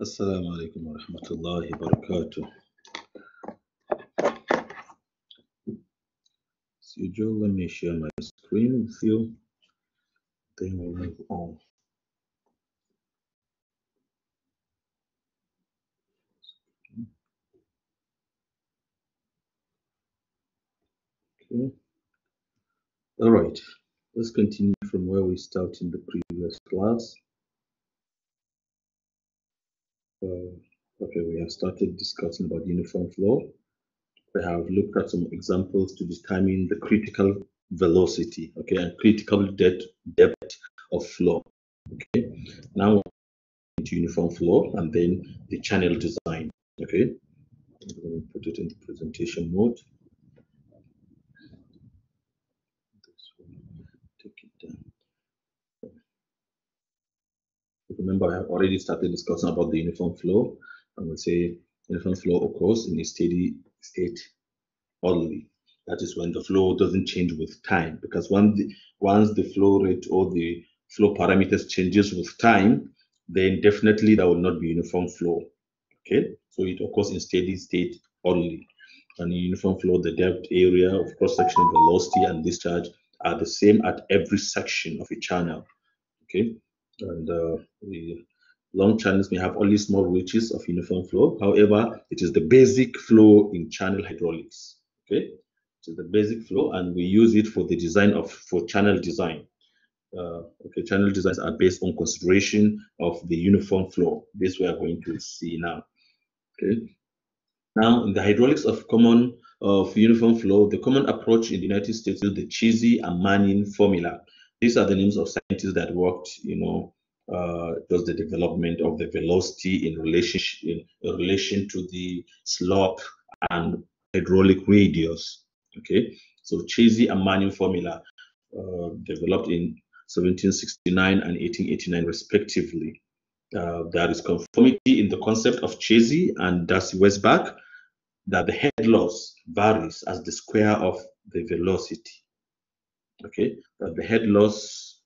السلام عليكم ورحمة الله وبركاته As usual, let me share my screen with you, then we'll move on. Okay. All right, let's continue from where we started in the previous class. Uh, okay, we have started discussing about uniform flow. We have looked at some examples to determine the critical velocity, okay, and critical depth, depth of flow. Okay, now into uniform flow and then the channel design. Okay, I'm going to put it in the presentation mode. remember I have already started discussing about the uniform flow. I'm going to say uniform flow occurs in a steady state only. That is when the flow doesn't change with time. Because once the, once the flow rate or the flow parameters changes with time, then definitely that will not be uniform flow. Okay, so it occurs in steady state only. And in uniform flow, the depth area of cross-section velocity and discharge are the same at every section of a channel. Okay, and uh, the long channels may have only small reaches of uniform flow. However, it is the basic flow in channel hydraulics. Okay, it is the basic flow, and we use it for the design of for channel design. Uh, okay, channel designs are based on consideration of the uniform flow. This we are going to see now. Okay, now in the hydraulics of common of uniform flow, the common approach in the United States is the Cheesy and Manning formula these are the names of scientists that worked, you know, uh, just the development of the velocity in relation in relation to the slope and hydraulic radius. Okay, so Chesi and Manning formula uh, developed in 1769 and 1889 respectively. Uh, there is conformity in the concept of Chesi and Darcy Westbach that the head loss varies as the square of the velocity okay but the head loss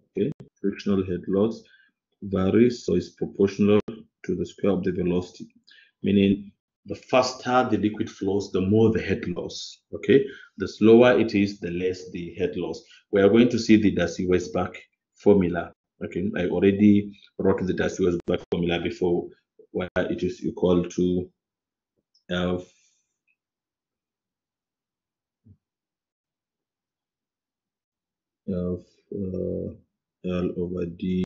okay frictional head loss varies so it's proportional to the square of the velocity meaning the faster the liquid flows the more the head loss okay the slower it is the less the head loss we are going to see the darcy weisbach formula okay i already wrote the darcy weisbach formula before where it is equal to f of uh, L over D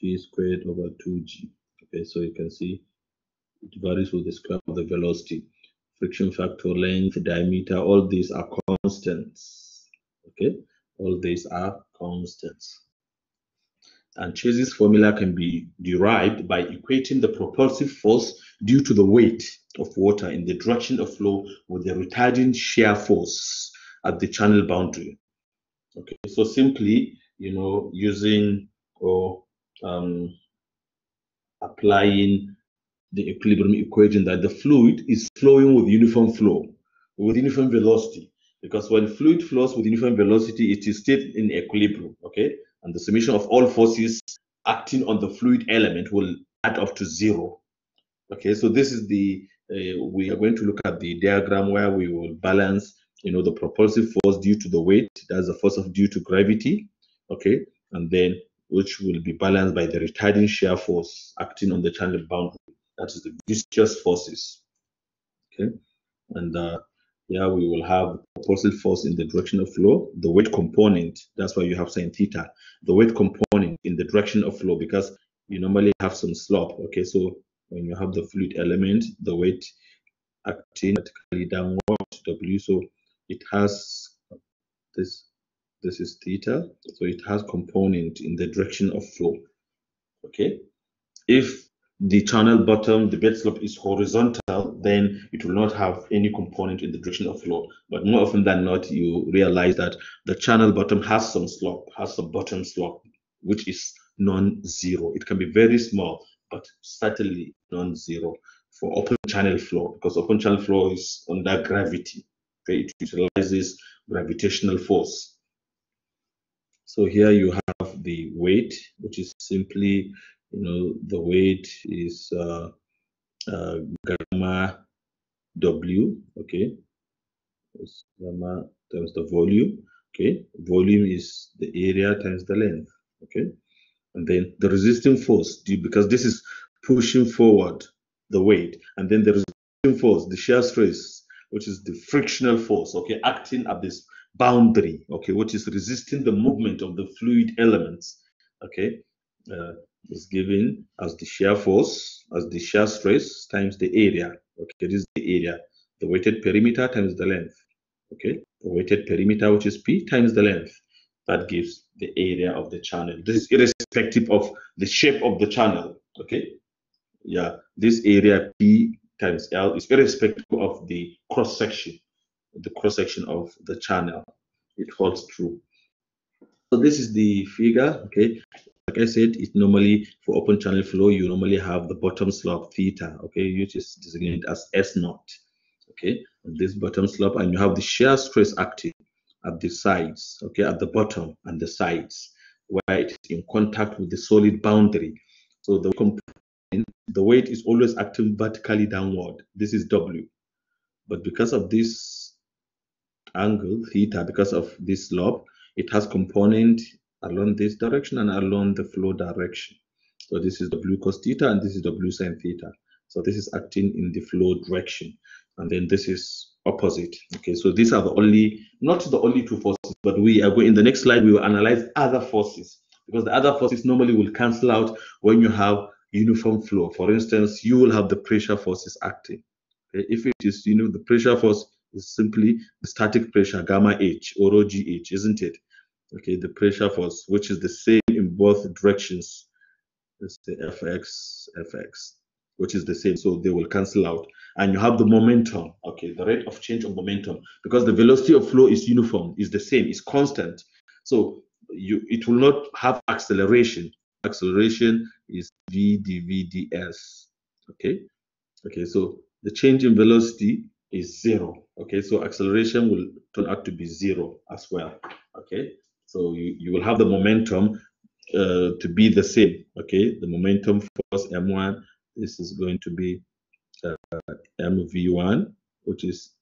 V squared over 2G. Okay, so you can see it varies with the square of the velocity. Friction factor, length, diameter, all these are constants. Okay, all these are constants. And Chase's formula can be derived by equating the propulsive force due to the weight of water in the direction of flow with the retarding shear force at the channel boundary. Okay, so simply, you know, using or um, applying the equilibrium equation that the fluid is flowing with uniform flow, with uniform velocity. Because when fluid flows with uniform velocity, it is still in equilibrium, okay? And the summation of all forces acting on the fluid element will add up to zero. Okay, so this is the, uh, we are going to look at the diagram where we will balance you know the propulsive force due to the weight that's the force of due to gravity okay and then which will be balanced by the retarding shear force acting on the channel boundary that is the viscous forces okay and uh, yeah we will have propulsive force in the direction of flow the weight component that's why you have sine theta the weight component in the direction of flow because you normally have some slope okay so when you have the fluid element the weight acting vertically downward w so it has this this is theta so it has component in the direction of flow okay if the channel bottom the bed slope is horizontal then it will not have any component in the direction of flow but more often than not you realize that the channel bottom has some slope has some bottom slope which is non-zero it can be very small but certainly non-zero for open channel flow because open channel flow is under gravity it utilizes gravitational force. So here you have the weight, which is simply, you know, the weight is uh, uh, gamma W, okay? It's gamma times the volume, okay? Volume is the area times the length, okay? And then the resisting force, because this is pushing forward the weight, and then the resisting force, the shear stress which is the frictional force, okay, acting at this boundary, okay, which is resisting the movement of the fluid elements, okay, uh, is given as the shear force, as the shear stress times the area, okay, this is the area, the weighted perimeter times the length, okay, the weighted perimeter, which is P, times the length. That gives the area of the channel. This is irrespective of the shape of the channel, okay? Yeah, this area P times L is irrespective of the cross section, the cross section of the channel. It holds true. So this is the figure. Okay, like I said, it normally for open channel flow you normally have the bottom slope theta. Okay, which is designated as S naught. Okay, and this bottom slope, and you have the shear stress acting at the sides. Okay, at the bottom and the sides where it is in contact with the solid boundary. So the the weight is always acting vertically downward. This is W. But because of this angle, theta, because of this slope, it has component along this direction and along the flow direction. So this is W cos theta and this is W sin theta. So this is acting in the flow direction. And then this is opposite. Okay, so these are the only, not the only two forces, but we are going, in the next slide, we will analyze other forces because the other forces normally will cancel out when you have uniform flow. For instance, you will have the pressure forces acting. Okay? If it is, you know, the pressure force is simply the static pressure, gamma H or rho GH, isn't it? Okay, the pressure force, which is the same in both directions. Let's say Fx, Fx, which is the same. So they will cancel out. And you have the momentum, okay, the rate of change of momentum, because the velocity of flow is uniform, is the same, is constant. So you it will not have acceleration acceleration is v ds. Okay, okay, so the change in velocity is zero. Okay, so acceleration will turn out to be zero as well. Okay, so you, you will have the momentum uh, to be the same. Okay, the momentum force m1, this is going to be uh, mv1, which is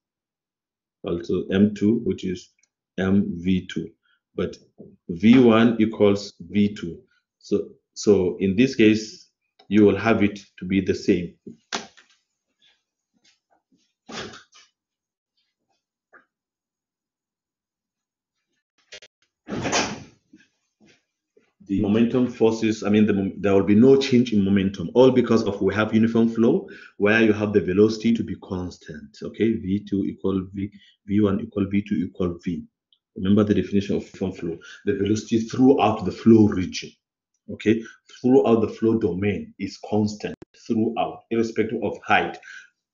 also m2, which is mv2. But v1 equals v2. So, so in this case, you will have it to be the same. the momentum forces, I mean, the, there will be no change in momentum, all because of we have uniform flow where you have the velocity to be constant. Okay, V2 equal V, V1 equal V2 equal V. Remember the definition of uniform flow, the velocity throughout the flow region okay, throughout the flow domain is constant throughout, irrespective of height,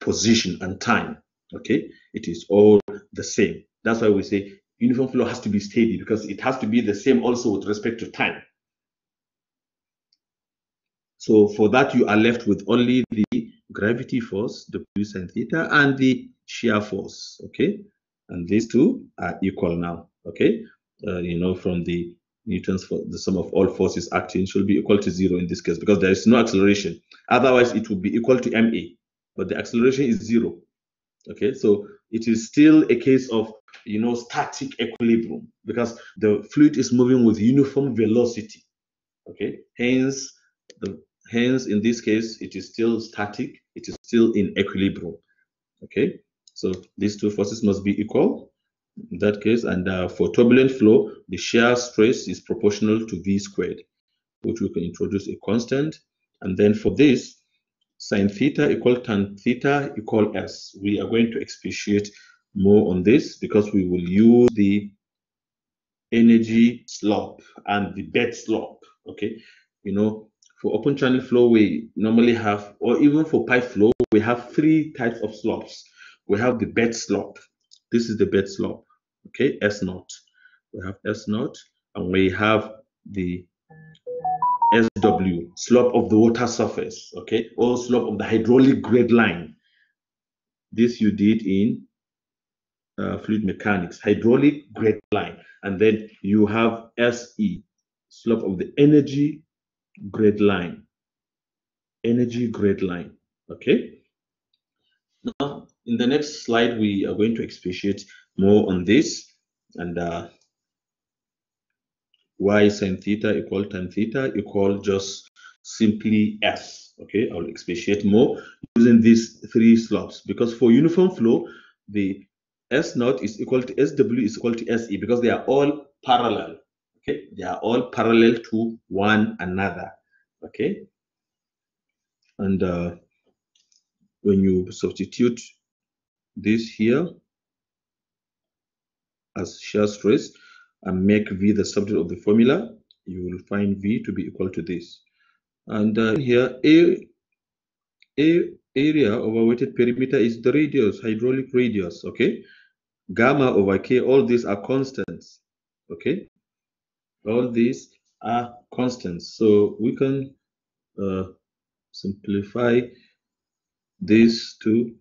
position, and time. Okay, it is all the same. That's why we say uniform flow has to be steady because it has to be the same also with respect to time. So for that, you are left with only the gravity force, W sin theta, and the shear force. Okay, and these two are equal now. Okay, uh, you know from the newtons for the sum of all forces acting should be equal to zero in this case because there is no acceleration. Otherwise, it would be equal to ma, but the acceleration is zero. Okay, so it is still a case of you know static equilibrium because the fluid is moving with uniform velocity. Okay, hence the hence in this case it is still static. It is still in equilibrium. Okay, so these two forces must be equal in that case. And uh, for turbulent flow, the shear stress is proportional to V squared, which we can introduce a constant. And then for this, sine theta equal tan theta equal S. We are going to expatiate more on this because we will use the energy slope and the bed slope, okay? You know, for open channel flow, we normally have, or even for pipe flow, we have three types of slopes. We have the bed slope. This is the bed slope okay, S naught. We have S naught and we have the SW, slope of the water surface, okay, or slope of the hydraulic grade line. This you did in uh, fluid mechanics, hydraulic grade line. And then you have SE, slope of the energy grade line, energy grade line, okay? Now, in the next slide, we are going to expatiate more on this and uh, y sine theta equal tan theta equal just simply s. okay i'll expatiate more using these three slopes because for uniform flow the s naught is equal to sw is equal to se because they are all parallel okay they are all parallel to one another okay and uh, when you substitute this here as shear stress and make V the subject of the formula, you will find V to be equal to this. And uh, here, A, A area over weighted perimeter is the radius, hydraulic radius, okay? Gamma over K, all these are constants, okay? All these are constants. So we can uh, simplify this to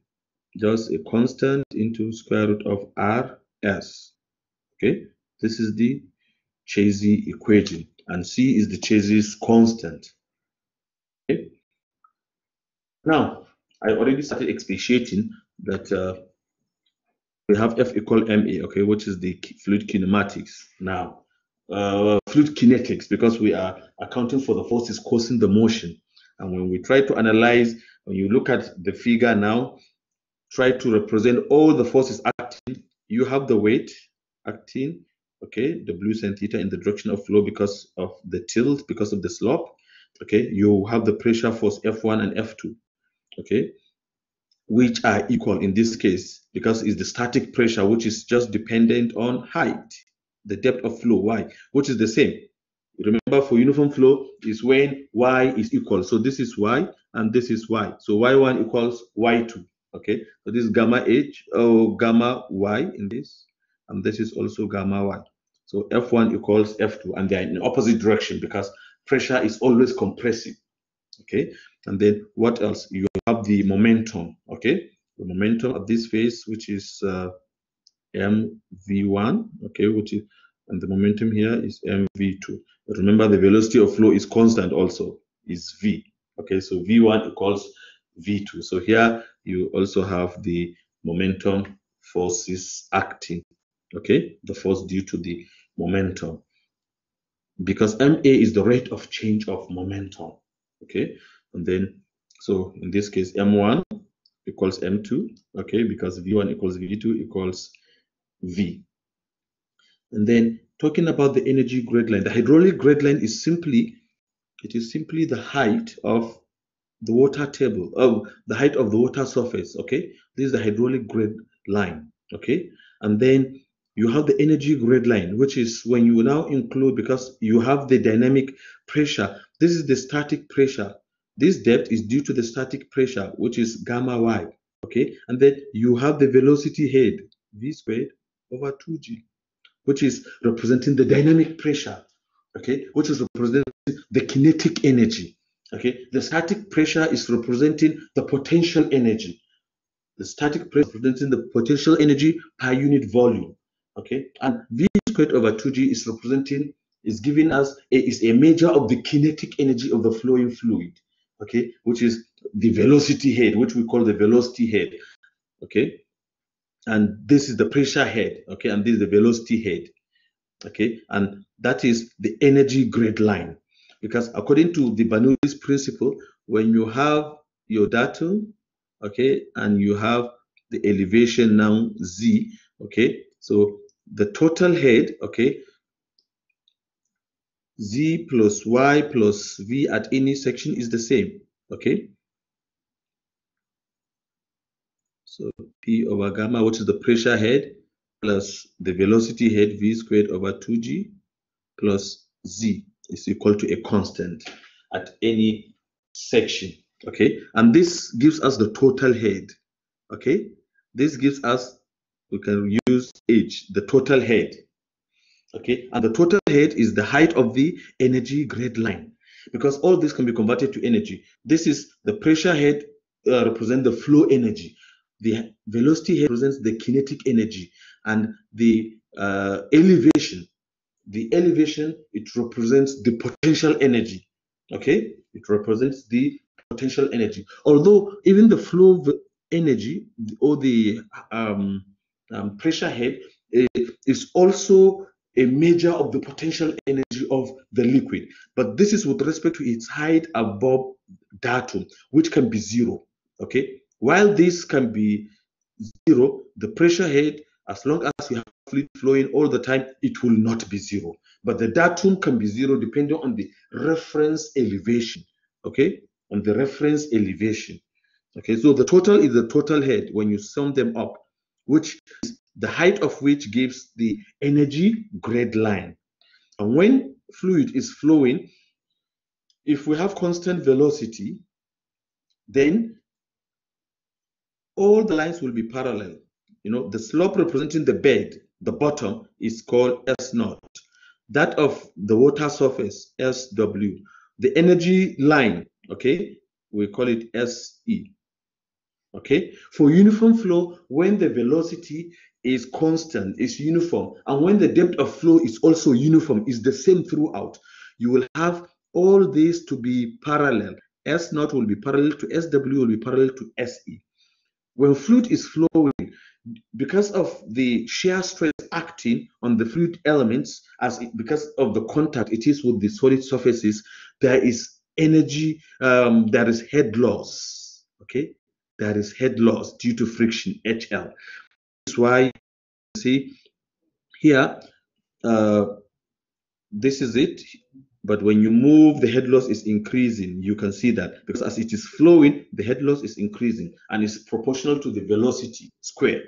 just a constant into square root of R S okay this is the Chazy equation and C is the Chazy's constant okay now I already started expatiating that uh, we have F equal ma okay which is the fluid kinematics now uh, fluid kinetics because we are accounting for the forces causing the motion and when we try to analyze when you look at the figure now try to represent all the forces acting you have the weight acting okay the blue sine theta in the direction of flow because of the tilt because of the slope okay you have the pressure force f1 and f2 okay which are equal in this case because it's the static pressure which is just dependent on height the depth of flow y which is the same remember for uniform flow is when y is equal so this is y and this is y so y1 equals y2 okay so this gamma h or gamma y in this and this is also gamma y. So F1 equals F2, and they are in opposite direction because pressure is always compressive. Okay, and then what else? You have the momentum. Okay, the momentum of this phase, which is uh, mv1. Okay, which is and the momentum here is mv2. But remember, the velocity of flow is constant. Also, is v. Okay, so v1 equals v2. So here you also have the momentum forces acting okay the force due to the momentum because ma is the rate of change of momentum okay and then so in this case m1 equals m2 okay because v1 equals v2 equals v and then talking about the energy grid line the hydraulic grid line is simply it is simply the height of the water table of the height of the water surface okay this is the hydraulic grade line okay and then you have the energy grid line, which is when you now include, because you have the dynamic pressure. This is the static pressure. This depth is due to the static pressure, which is gamma y. Okay. And then you have the velocity head, v squared over 2g, which is representing the dynamic pressure. Okay. Which is representing the kinetic energy. Okay. The static pressure is representing the potential energy. The static pressure representing the potential energy per unit volume. Okay, and V squared over 2G is representing, is giving us, a, is a measure of the kinetic energy of the flowing fluid, okay, which is the velocity head, which we call the velocity head, okay, and this is the pressure head, okay, and this is the velocity head, okay, and that is the energy grade line, because according to the Bernoulli's principle, when you have your datum, okay, and you have the elevation now z, okay, so the total head, okay, z plus y plus v at any section is the same, okay? So P over gamma, which is the pressure head, plus the velocity head v squared over 2g plus z is equal to a constant at any section okay and this gives us the total head okay this gives us we can equals H, the total head. Okay, and the total head is the height of the energy grade line because all this can be converted to energy. This is the pressure head uh, represent the flow energy. The velocity head represents the kinetic energy and the uh, elevation. The elevation, it represents the potential energy. Okay, it represents the potential energy. Although even the flow of energy or the um, um, pressure head is also a measure of the potential energy of the liquid. But this is with respect to its height above datum, which can be zero. Okay. While this can be zero, the pressure head, as long as you have fluid flowing all the time, it will not be zero. But the datum can be zero depending on the reference elevation. Okay. On the reference elevation. Okay. So the total is the total head when you sum them up which is the height of which gives the energy grade line. And when fluid is flowing, if we have constant velocity, then all the lines will be parallel. You know, the slope representing the bed, the bottom, is called S naught. That of the water surface, SW. The energy line, okay, we call it SE okay for uniform flow when the velocity is constant is uniform and when the depth of flow is also uniform is the same throughout you will have all these to be parallel s naught will be parallel to sw will be parallel to se when fluid is flowing because of the shear stress acting on the fluid elements as it, because of the contact it is with the solid surfaces there is energy um, there is head loss okay that is head loss due to friction, HL. That's why you see here, uh, this is it. But when you move, the head loss is increasing. You can see that because as it is flowing, the head loss is increasing and it's proportional to the velocity squared.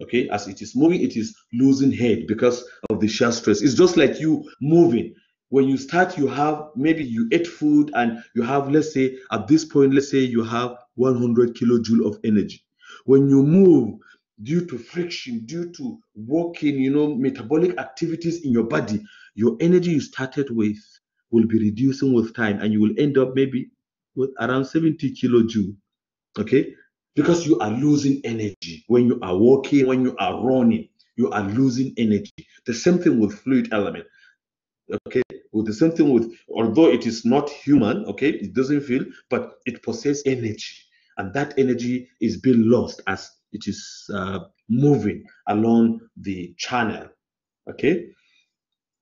Okay, as it is moving, it is losing head because of the shear stress. It's just like you moving. When you start, you have maybe you ate food and you have, let's say, at this point, let's say you have 100 kilojoule of energy. When you move due to friction, due to walking, you know, metabolic activities in your body, your energy you started with will be reducing with time and you will end up maybe with around 70 kilojoule. Okay? Because you are losing energy when you are walking, when you are running, you are losing energy. The same thing with fluid element. Okay, with the same thing with although it is not human, okay, it doesn't feel, but it possesses energy and that energy is being lost as it is uh, moving along the channel okay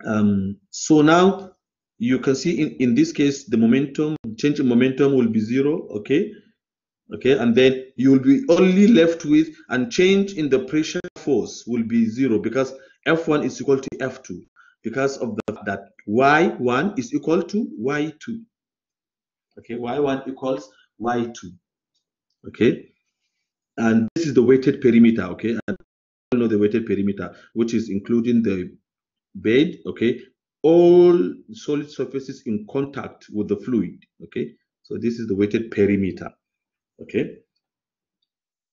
um, so now you can see in, in this case the momentum change in momentum will be zero okay okay and then you will be only left with and change in the pressure force will be zero because f1 is equal to f2 because of the that y1 is equal to y2 okay y1 equals y2 okay? And this is the weighted perimeter, okay? And you know the weighted perimeter, which is including the bed, okay? All solid surfaces in contact with the fluid, okay? So this is the weighted perimeter, okay?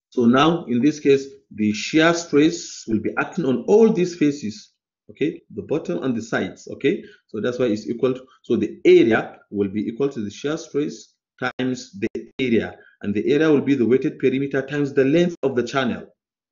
So now, in this case, the shear stress will be acting on all these faces, okay the bottom and the sides okay so that's why it's equal to so the area will be equal to the shear stress times the area and the area will be the weighted perimeter times the length of the channel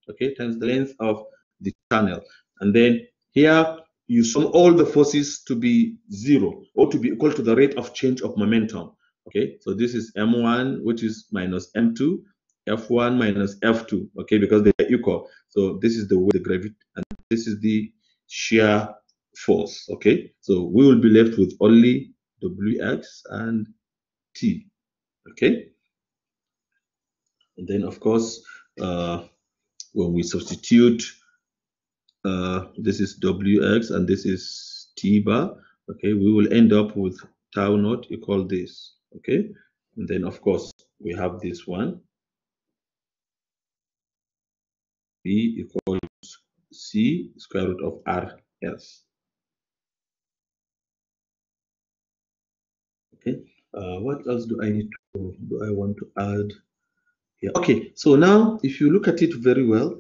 okay times the length of the channel and then here you sum all the forces to be zero or to be equal to the rate of change of momentum okay so this is m1 which is minus m2 f1 minus f2 okay because they are equal so this is the way the gravity and this is the shear force okay so we will be left with only wx and t okay and then, of course, uh, when we substitute, uh, this is Wx and this is T bar, okay, we will end up with tau naught equal this, okay? And then, of course, we have this one. B equals C square root of R S. Okay, uh, what else do I need to, do I want to add? Yeah. Okay, so now if you look at it very well,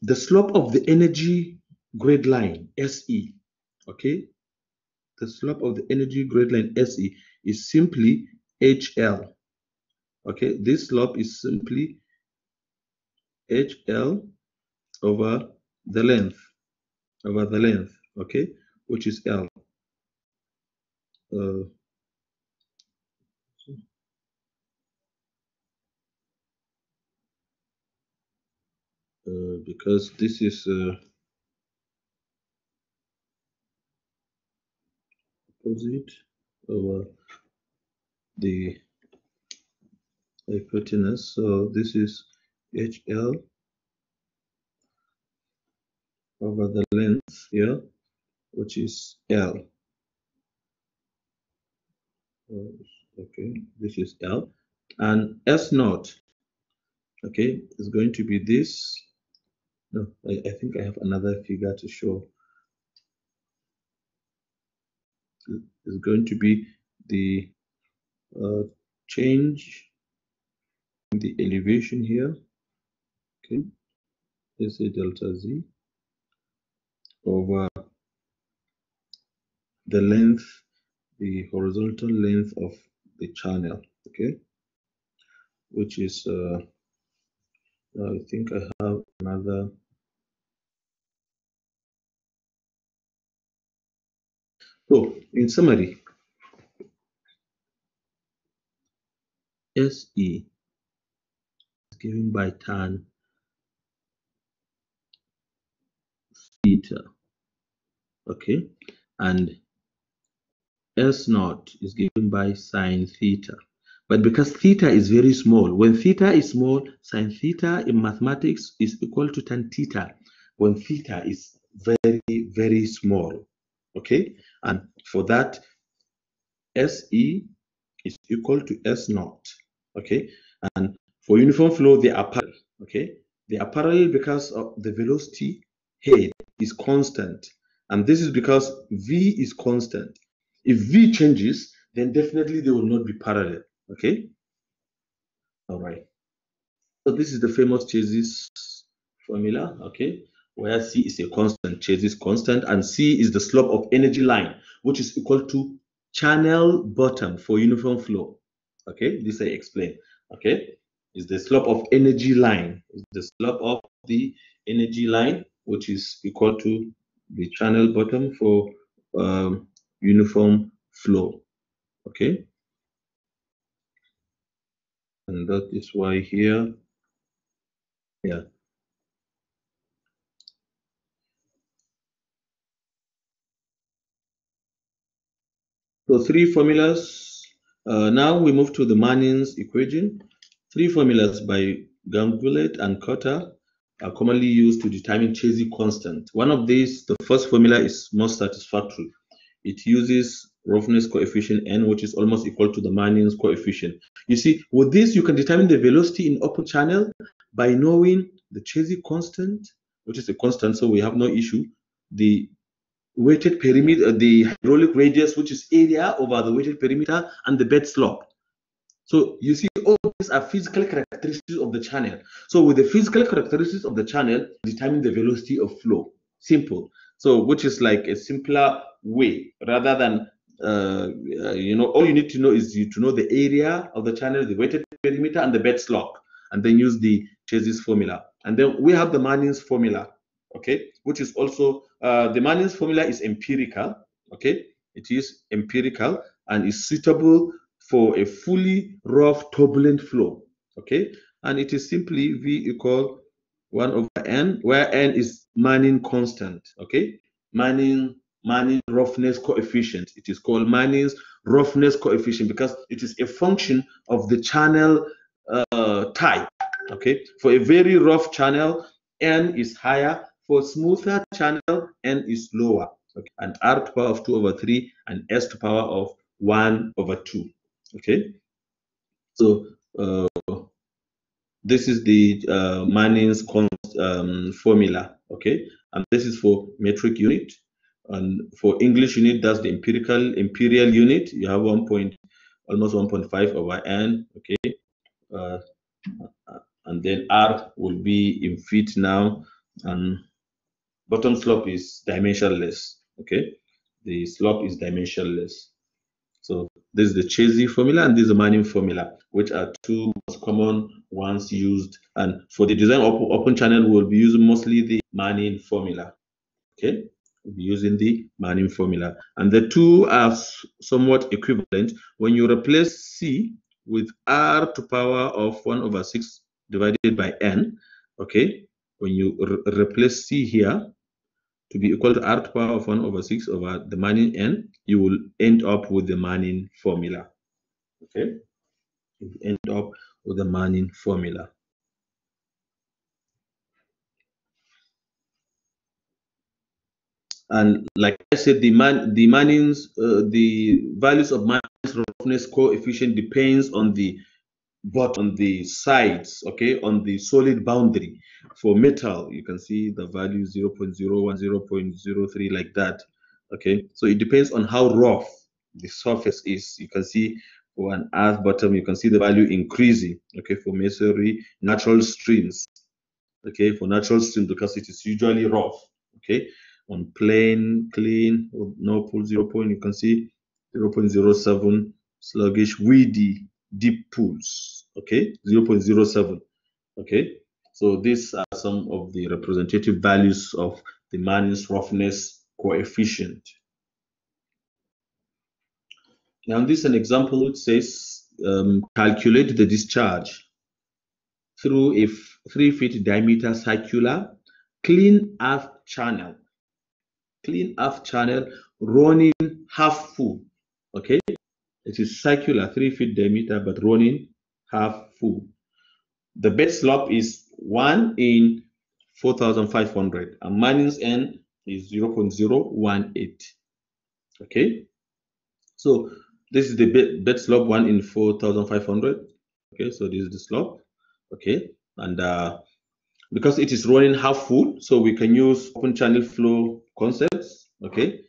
the slope of the energy grade line SE, okay, the slope of the energy grade line SE is simply HL. Okay, this slope is simply HL over the length, over the length, okay, which is L. Uh, Uh, because this is uh, opposite over uh, the hypotenuse. So this is HL over the length here, which is L. Okay, this is L. And S naught, okay, is going to be this no, I, I think I have another figure to show. It's going to be the uh, change in the elevation here. Okay, let's say delta z over the length, the horizontal length of the channel. Okay, which is uh, I think I have another So, oh, in summary, SE is given by tan theta, okay, and S naught is given by sine theta. But because theta is very small, when theta is small, sine theta in mathematics is equal to tan theta when theta is very, very small, okay? And for that, SE is equal to S naught. Okay. And for uniform flow, they are parallel. Okay. They are parallel because of the velocity head is constant. And this is because V is constant. If V changes, then definitely they will not be parallel. Okay. All right. So this is the famous Chase's formula. Okay where C is a constant, chase is constant, and C is the slope of energy line, which is equal to channel bottom for uniform flow. Okay, this I explain. Okay, is the slope of energy line, is the slope of the energy line, which is equal to the channel bottom for um, uniform flow. Okay, and that is why here, yeah So three formulas. Uh, now we move to the Manning's equation. Three formulas by Gangulet and Cotter are commonly used to determine Chesy constant. One of these, the first formula, is most satisfactory. It uses roughness coefficient n, which is almost equal to the Manning's coefficient. You see, with this, you can determine the velocity in upper channel by knowing the Chesy constant, which is a constant, so we have no issue, the weighted perimeter, uh, the hydraulic radius, which is area over the weighted perimeter, and the bed slope. So you see, all these are physical characteristics of the channel. So with the physical characteristics of the channel, determine the velocity of flow. Simple. So which is like a simpler way rather than uh, uh you know all you need to know is you to know the area of the channel, the weighted perimeter, and the bed slope, and then use the Chase's formula. And then we have the Manning's formula okay, which is also uh, the Manning's formula is empirical, okay, it is empirical and is suitable for a fully rough turbulent flow, okay, and it is simply V equal 1 over n, where n is Manning constant, okay, Manning Manning roughness coefficient. It is called Manning's roughness coefficient because it is a function of the channel uh, type. Okay, for a very rough channel, n is higher for smoother channel, n is lower. Okay? And r to power of 2 over 3 and s to power of 1 over 2. Okay. So uh, this is the uh, Manning's const, um, formula. Okay. And this is for metric unit. And for English unit, that's the empirical imperial unit. You have one point, almost 1.5 over n. Okay. Uh, and then R will be in feet now. And bottom slope is dimensionless. Okay, the slope is dimensionless. So this is the Chesy formula and this is the Manning formula, which are two most common ones used. And for the design open, open channel, we'll be using mostly the Manning formula. Okay, we'll be using the Manning formula. And the two are somewhat equivalent. When you replace C with R to power of 1 over 6 divided by N, okay, when you re replace C here to be equal to r to power of 1 over 6 over the Manning n, you will end up with the Manning formula. Okay? You end up with the Manning formula. And like I said, the man, the Manning's, uh, the values of Manning's roughness coefficient depends on the but on the sides, okay, on the solid boundary for metal, you can see the value 0.01, 0.03, like that. Okay, so it depends on how rough the surface is. You can see for an earth bottom, you can see the value increasing. Okay, for masonry, natural streams. Okay, for natural streams because it is usually rough. Okay, on plain, clean, no pool zero point, you can see 0.07, sluggish, weedy, deep pools okay, 0.07, okay. So these are some of the representative values of the Manning's roughness coefficient. Now this is an example which says um, calculate the discharge through a three feet diameter circular clean earth channel, clean earth channel running half full, okay? It is circular, three feet diameter, but running half full. The bed slope is 1 in 4,500 and Manning's N is 0.018. Okay, so this is the bed, bed slope 1 in 4,500. Okay, so this is the slope. Okay, and uh, because it is running half full, so we can use open channel flow concepts. Okay,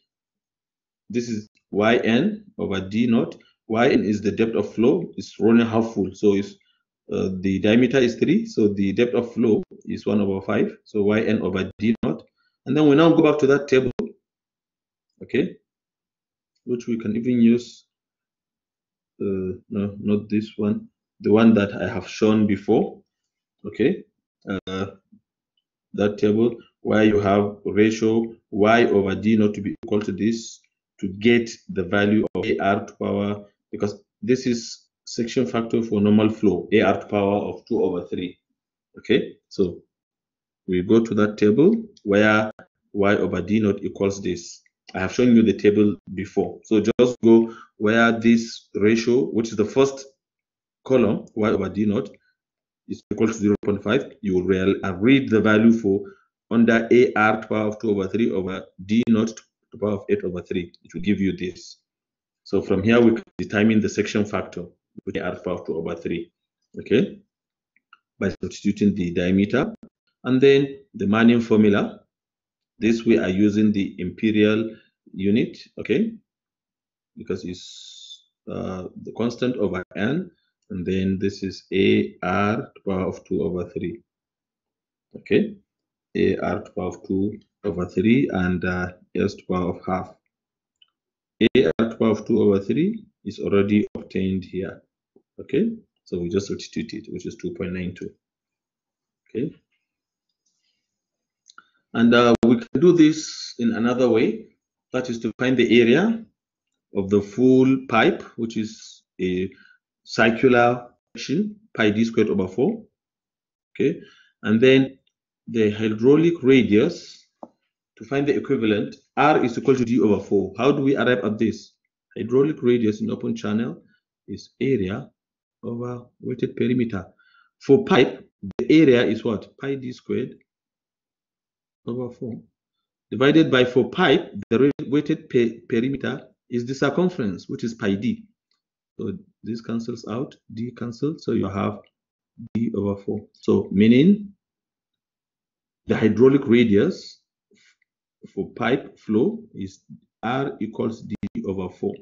this is yn over d naught y is the depth of flow it's running half full so it's uh, the diameter is three so the depth of flow is one over five so yn over d naught and then we now go back to that table okay which we can even use uh, no not this one the one that i have shown before okay uh, that table where you have ratio y over d not to be equal to this to get the value of ar to power because this is section factor for normal flow, AR to power of 2 over 3. Okay, so we go to that table where y over d naught equals this. I have shown you the table before. So just go where this ratio, which is the first column, y over d naught, is equal to 0 0.5. You will uh, read the value for under AR to power of 2 over 3 over d naught to power of 8 over 3. It will give you this. So from here, we determine the section factor, which is R two over 3, okay, by substituting the diameter. And then the Manning formula. This we are using the imperial unit, okay, because it's uh, the constant over n, and then this is a r to power of 2 over 3, okay, a r to power of 2 over 3 and uh, s to power of half. AR12 2 over 3 is already obtained here. Okay, so we just substitute it, which is 2.92. Okay, and uh, we can do this in another way that is to find the area of the full pipe, which is a circular section pi d squared over 4. Okay, and then the hydraulic radius to find the equivalent R is equal to D over 4. How do we arrive at this? Hydraulic radius in open channel is area over weighted perimeter. For pipe, the area is what? Pi D squared over 4 divided by 4 pi, the weighted pe perimeter is the circumference, which is pi d. So this cancels out, d cancels, so you have d over 4. So meaning the hydraulic radius for pipe flow is R equals D over 4.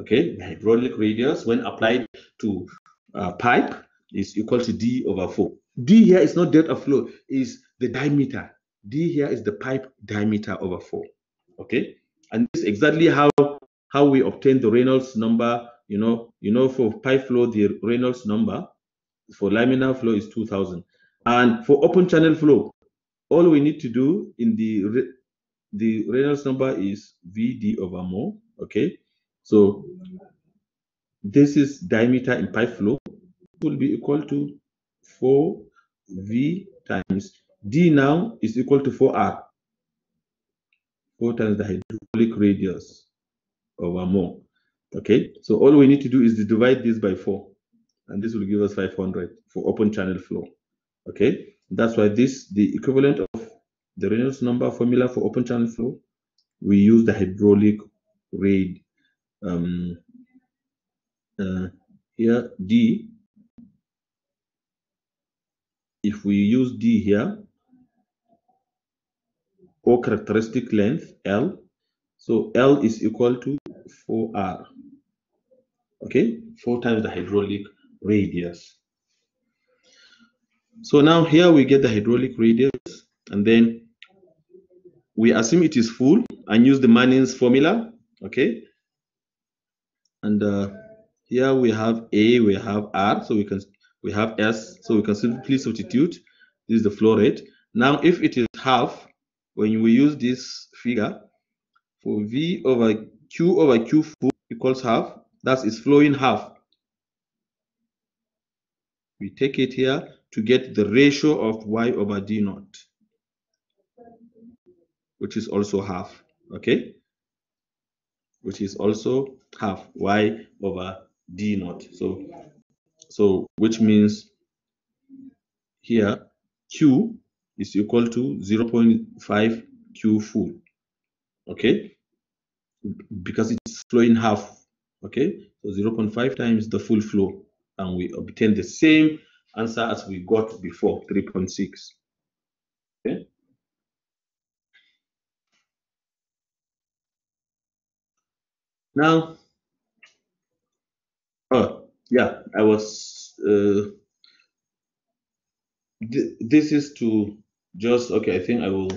Okay, the hydraulic radius when applied to uh, pipe is equal to D over 4. D here is not depth of flow, is the diameter. D here is the pipe diameter over 4. Okay, and this is exactly how how we obtain the Reynolds number. You know, you know for pipe flow the Reynolds number for laminar flow is 2000, and for open channel flow, all we need to do in the the Reynolds number is VD over mo, Okay, so this is diameter in pipe flow will be equal to 4 V times D now is equal to 4R. 4 times the hydraulic radius over mo, Okay, so all we need to do is to divide this by 4, and this will give us 500 for open channel flow. Okay, that's why this the equivalent of the Reynolds number formula for open channel flow, we use the hydraulic rate um, uh, here D. If we use D here, or characteristic length L, so L is equal to 4R, okay? Four times the hydraulic radius. So now here we get the hydraulic radius and then we assume it is full and use the Manning's formula, okay? And uh, here we have A, we have R, so we can we have S, so we can simply substitute. This is the flow rate. Now, if it is half, when we use this figure, for V over Q over Q full equals half, that is flowing half. We take it here to get the ratio of Y over D naught which is also half, okay? Which is also half y over d naught. So, so which means here q is equal to 0.5 q full, okay? Because it's flowing half, okay? So 0.5 times the full flow, and we obtain the same answer as we got before, 3.6, okay? Now, oh yeah, I was. Uh, th this is to just okay. I think I will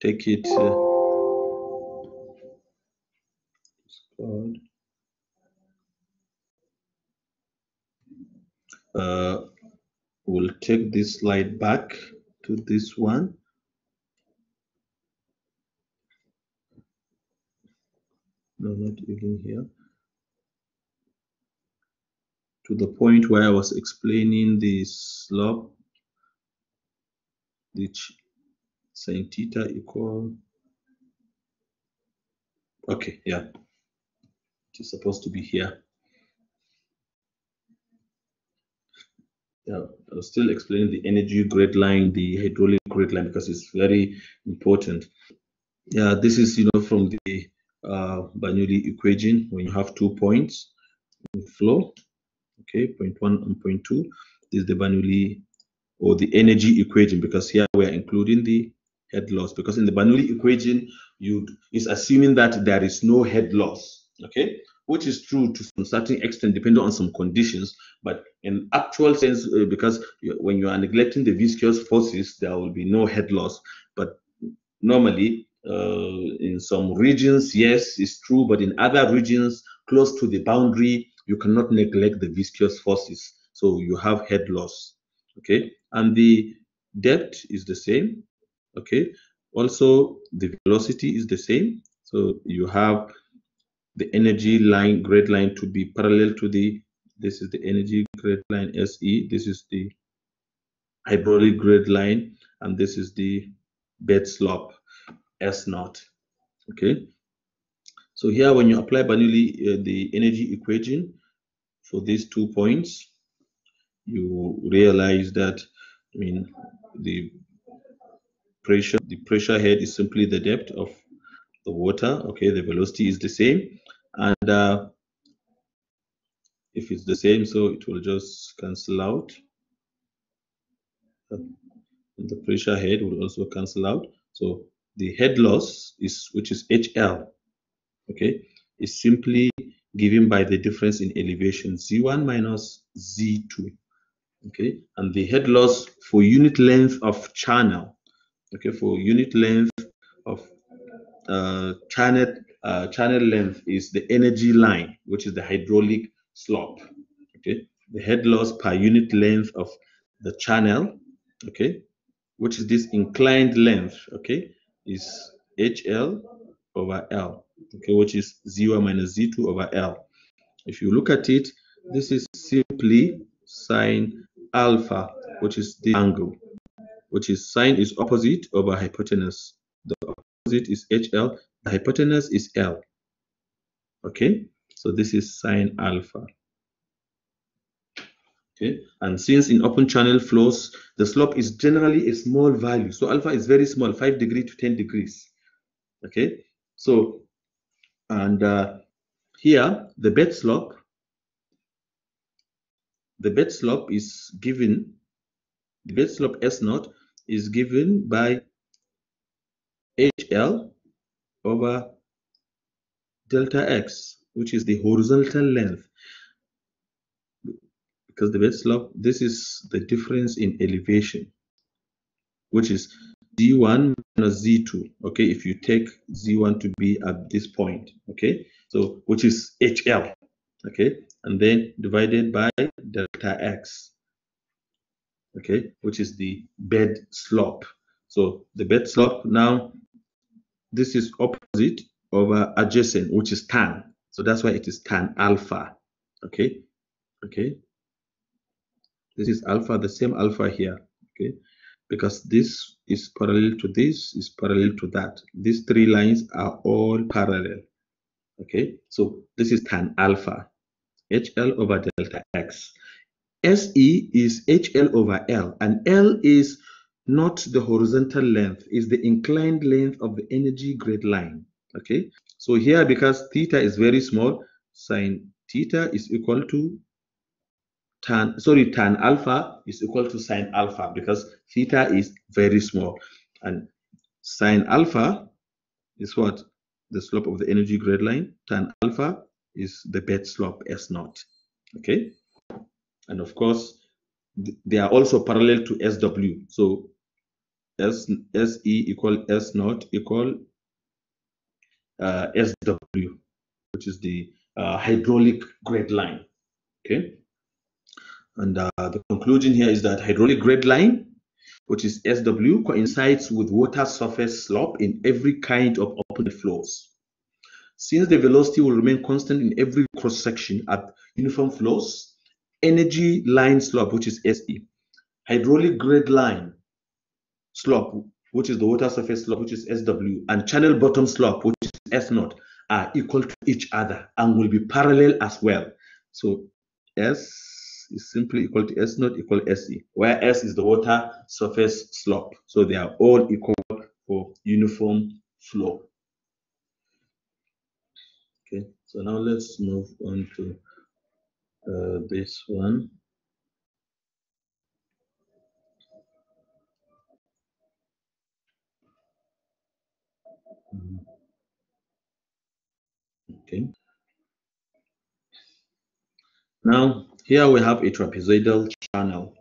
take it. Uh, Uh, we'll take this slide back to this one. no, not even here, to the point where I was explaining the slope, which sine theta equal, okay, yeah, it is supposed to be here. Yeah, I was still explaining the energy grade line, the hydraulic grade line, because it's very important. Yeah, this is, you know, from the uh, Bernoulli equation when you have two points in flow, okay, point one and point two. This is the Bernoulli or the energy equation because here we're including the head loss because in the Bernoulli equation you is assuming that there is no head loss, okay, which is true to some certain extent depending on some conditions, but in actual sense uh, because when you are neglecting the viscous forces there will be no head loss, but normally uh, in some regions, yes, it's true, but in other regions close to the boundary, you cannot neglect the viscous forces. So you have head loss. Okay. And the depth is the same. Okay. Also, the velocity is the same. So you have the energy line, grade line to be parallel to the, this is the energy grade line SE. This is the hydraulic grade line. And this is the bed slope. S naught. Okay. So here, when you apply Bernoulli uh, the energy equation for these two points, you realize that I mean the pressure the pressure head is simply the depth of the water. Okay, the velocity is the same, and uh, if it's the same, so it will just cancel out. And the pressure head will also cancel out. So the head loss is which is HL, okay, is simply given by the difference in elevation Z1 minus Z2, okay, and the head loss for unit length of channel, okay, for unit length of uh, channel uh, channel length is the energy line, which is the hydraulic slope, okay, the head loss per unit length of the channel, okay, which is this inclined length, okay, is HL over L, okay, which is 0 minus Z2 over L. If you look at it, this is simply sine alpha, which is the angle, which is sine is opposite over hypotenuse. The opposite is HL, the hypotenuse is L. Okay, so this is sine alpha. Okay. And since in open channel flows, the slope is generally a small value. So alpha is very small, 5 degree to 10 degrees. Okay. So, and uh, here, the bed slope, the bed slope is given, the bed slope S naught is given by HL over delta X, which is the horizontal length because the bed slope, this is the difference in elevation, which is z1 minus z2, okay, if you take z1 to be at this point, okay, so which is hl, okay, and then divided by delta x, okay, which is the bed slope. So the bed slope now, this is opposite over adjacent, which is tan. So that's why it is tan alpha, okay, okay, this is alpha, the same alpha here, okay? Because this is parallel to this, is parallel to that. These three lines are all parallel, okay? So this is tan alpha, HL over delta X. SE is HL over L, and L is not the horizontal length, is the inclined length of the energy grade line, okay? So here, because theta is very small, sine theta is equal to tan sorry tan alpha is equal to sine alpha because theta is very small and sine alpha is what the slope of the energy grade line tan alpha is the bed slope s naught okay and of course they are also parallel to sw so s se equal s naught equal uh, sw which is the uh, hydraulic grade line okay and uh, the conclusion here is that hydraulic grade line, which is SW, coincides with water surface slope in every kind of open flows. Since the velocity will remain constant in every cross section at uniform flows, energy line slope, which is SE, hydraulic grade line slope, which is the water surface slope, which is SW, and channel bottom slope, which is S naught, are equal to each other and will be parallel as well. So S is simply equal to S naught equal SE, where S is the water surface slope. So they are all equal for uniform flow. Okay, so now let's move on to uh, this one. Okay. Now, here we have a trapezoidal channel.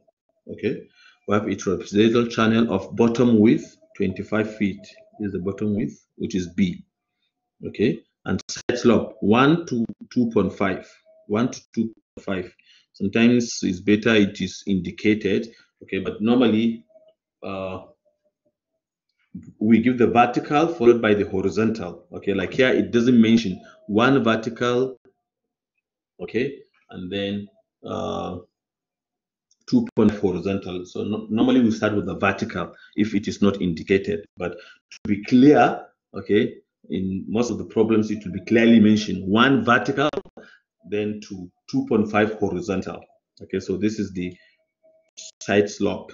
Okay, we have a trapezoidal channel of bottom width 25 feet is the bottom width, which is B. Okay, and side slope 1 to 2.5. 1 to 2.5. Sometimes it's better it is indicated. Okay, but normally uh, we give the vertical followed by the horizontal. Okay, like here it doesn't mention one vertical. Okay, and then uh, point horizontal. So no, normally we start with the vertical if it is not indicated. But to be clear, okay, in most of the problems it will be clearly mentioned one vertical, then to 2.5 horizontal. Okay, so this is the side slope.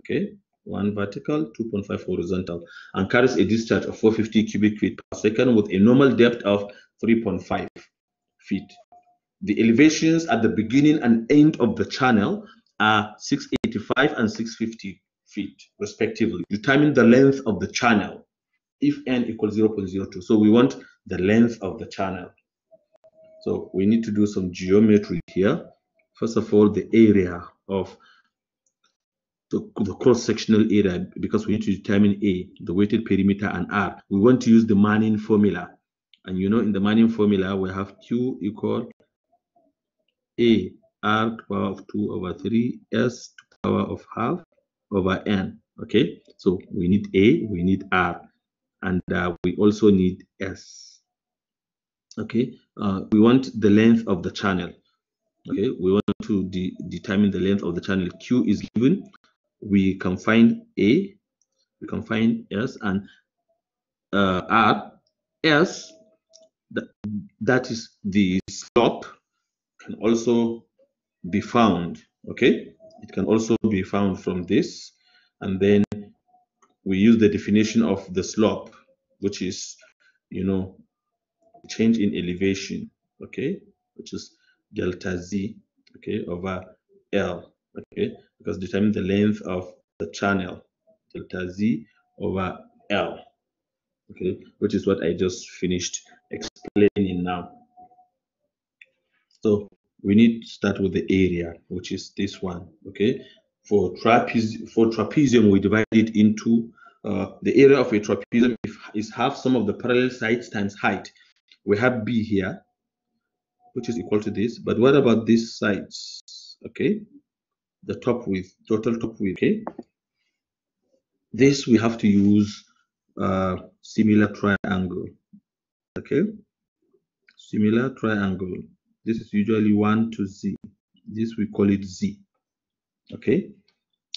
Okay, one vertical, 2.5 horizontal, and carries a discharge of 450 cubic feet per second with a normal depth of 3.5 feet the elevations at the beginning and end of the channel are 685 and 650 feet, respectively. Determine the length of the channel if n equals 0.02. So we want the length of the channel. So we need to do some geometry here. First of all, the area of the, the cross-sectional area, because we need to determine A, the weighted perimeter, and R. We want to use the Manning formula. And you know, in the Manning formula, we have Q equal a r to power of 2 over 3 s to power of half over n okay so we need a we need r and uh, we also need s okay uh, we want the length of the channel okay we want to de determine the length of the channel q is given we can find a we can find s and uh, r s that, that is the can also be found okay it can also be found from this and then we use the definition of the slope which is you know change in elevation okay which is delta z okay over l okay because determine the length of the channel delta z over l okay which is what i just finished explaining now so we need to start with the area, which is this one, okay? For, for trapezium, we divide it into uh, the area of a trapezium is half some of the parallel sides times height. We have B here, which is equal to this. But what about these sides? Okay, the top width, total top width. Okay, this we have to use uh, similar triangle. Okay, similar triangle. This is usually 1 to z. This we call it z. Okay?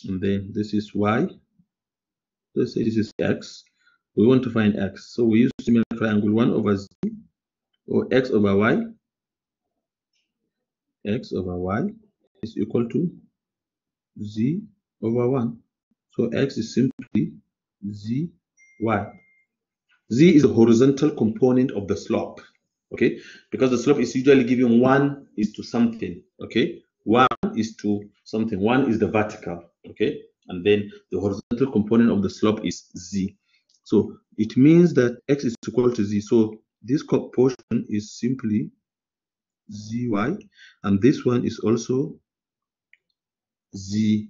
And then this is y. Let's say this is x. We want to find x. So we use similar triangle 1 over z or x over y. x over y is equal to z over 1. So x is simply zy. z is a horizontal component of the slope okay because the slope is usually given one is to something okay one is to something one is the vertical okay and then the horizontal component of the slope is z so it means that x is equal to z so this portion is simply zy and this one is also zy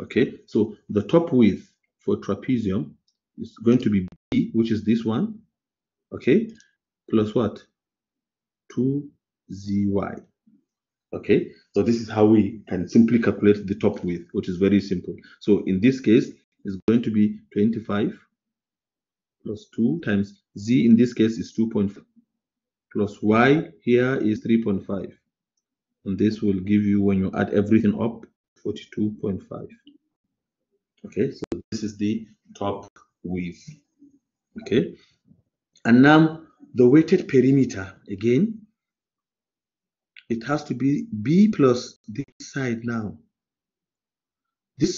okay so the top width for trapezium is going to be b which is this one okay, plus what? 2zy. Okay, so this is how we can simply calculate the top width, which is very simple. So in this case, it's going to be 25 plus 2 times z in this case is 2.5 plus y here is 3.5. And this will give you, when you add everything up, 42.5. Okay, so this is the top width. Okay, and now the weighted perimeter again it has to be b plus this side now this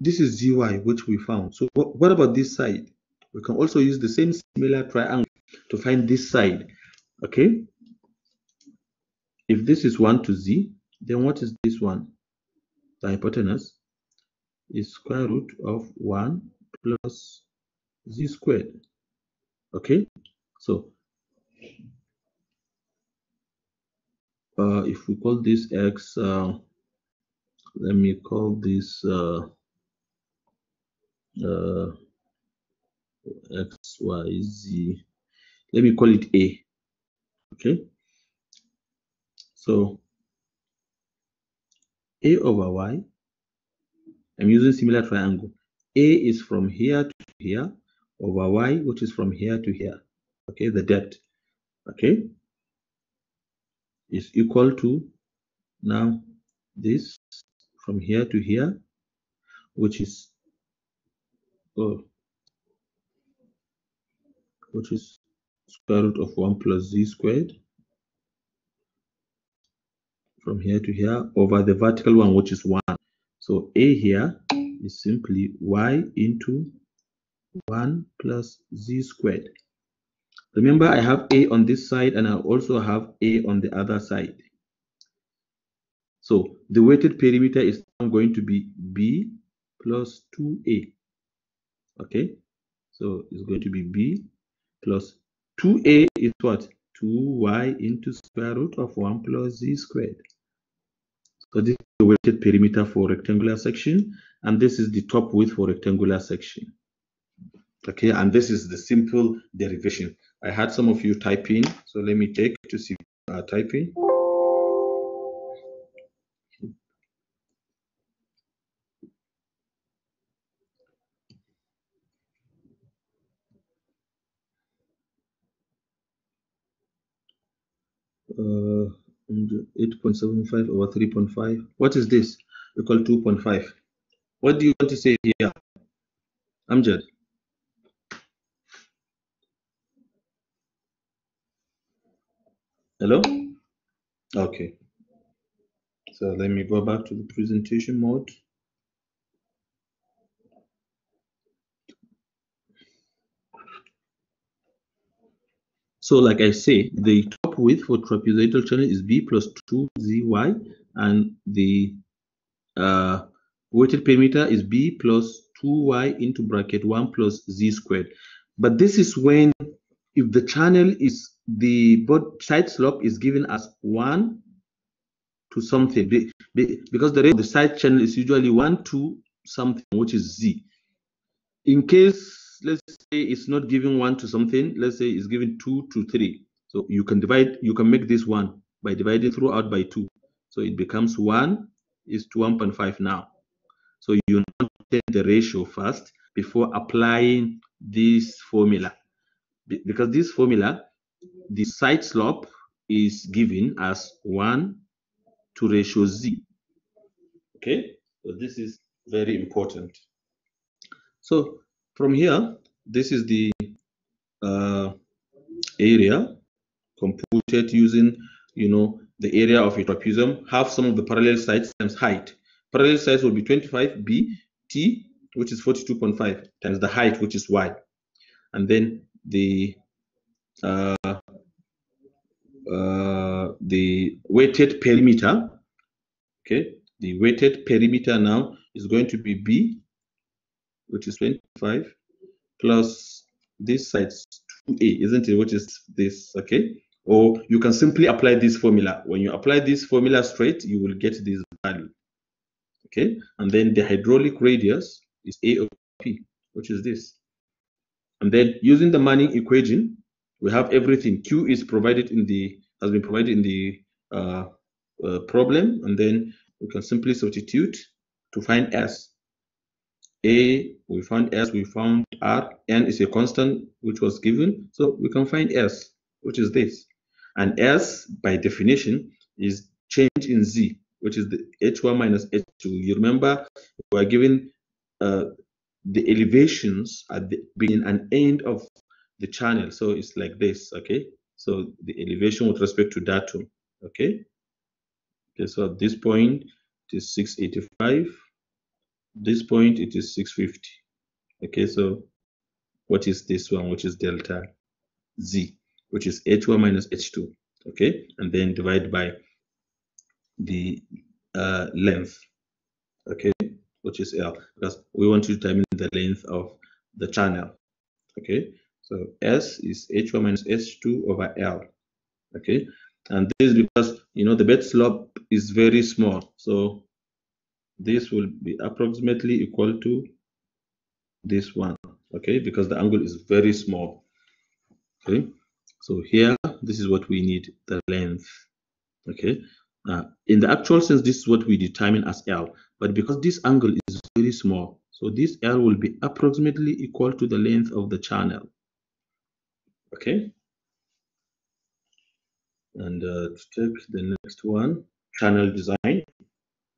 this is gy which we found so what, what about this side we can also use the same similar triangle to find this side okay if this is 1 to z then what is this one the hypotenuse is square root of 1 plus z squared okay so uh, if we call this x uh, let me call this uh, uh, x y z let me call it a okay so a over y i'm using similar triangle a is from here to here over y, which is from here to here. Okay, the depth. Okay, is equal to now this from here to here, which is oh, which is square root of 1 plus z squared from here to here over the vertical one, which is 1. So a here is simply y into 1 plus z squared. Remember, I have a on this side and I also have a on the other side. So the weighted perimeter is going to be b plus 2a. Okay, so it's going to be b plus 2a is what? 2y into square root of 1 plus z squared. So this is the weighted perimeter for rectangular section, and this is the top width for rectangular section okay and this is the simple derivation i had some of you type in so let me check to see uh, typing uh, 8.75 over 3.5 what is this equal 2.5 what do you want to say here amjad Hello? Okay. So let me go back to the presentation mode. So like I say, the top width for trapezoidal channel is b plus 2zy, and the uh, weighted perimeter is b plus 2y into bracket 1 plus z squared. But this is when if the channel is the side slope is given as one to something be, be, because the rate of the side channel is usually one to something which is z in case let's say it's not giving one to something let's say it's giving two to three so you can divide you can make this one by dividing throughout by two so it becomes one is to 1.5 now so you now take the ratio first before applying this formula because this formula, the side slope is given as 1 to ratio z. Okay, so this is very important. So from here, this is the uh, area computed using, you know, the area of a trapezium, half some of the parallel sides times height. Parallel sides will be 25b, t, which is 42.5, times the height, which is y. And then the uh, uh, the weighted perimeter okay the weighted perimeter now is going to be b which is 25 plus this side's 2a isn't it which is this okay or you can simply apply this formula when you apply this formula straight you will get this value okay and then the hydraulic radius is a of p which is this and then using the Manning equation, we have everything. Q is provided in the has been provided in the uh, uh, problem, and then we can simply substitute to find S. A, we found S, we found R, N is a constant which was given, so we can find S, which is this. And S, by definition, is change in Z, which is the H1 minus H2. You remember, we are given uh, the elevations at the beginning and end of the channel. So it's like this, okay? So the elevation with respect to datum, okay? Okay, so at this point, it is 685. This point, it is 650. Okay, so what is this one, which is delta Z, which is H1 minus H2, okay? And then divide by the uh, length, okay? which is L, because we want to determine the length of the channel. Okay, so S is H1 minus H2 over L. Okay, and this is because you know the bed slope is very small, so this will be approximately equal to this one. Okay, because the angle is very small. Okay, so here this is what we need the length. Okay, uh, in the actual sense, this is what we determine as L. But because this angle is very small, so this L will be approximately equal to the length of the channel. Okay. And uh, to take the next one, channel design.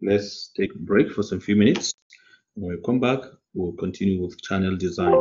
Let's take break for some few minutes. When we come back, we'll continue with channel design.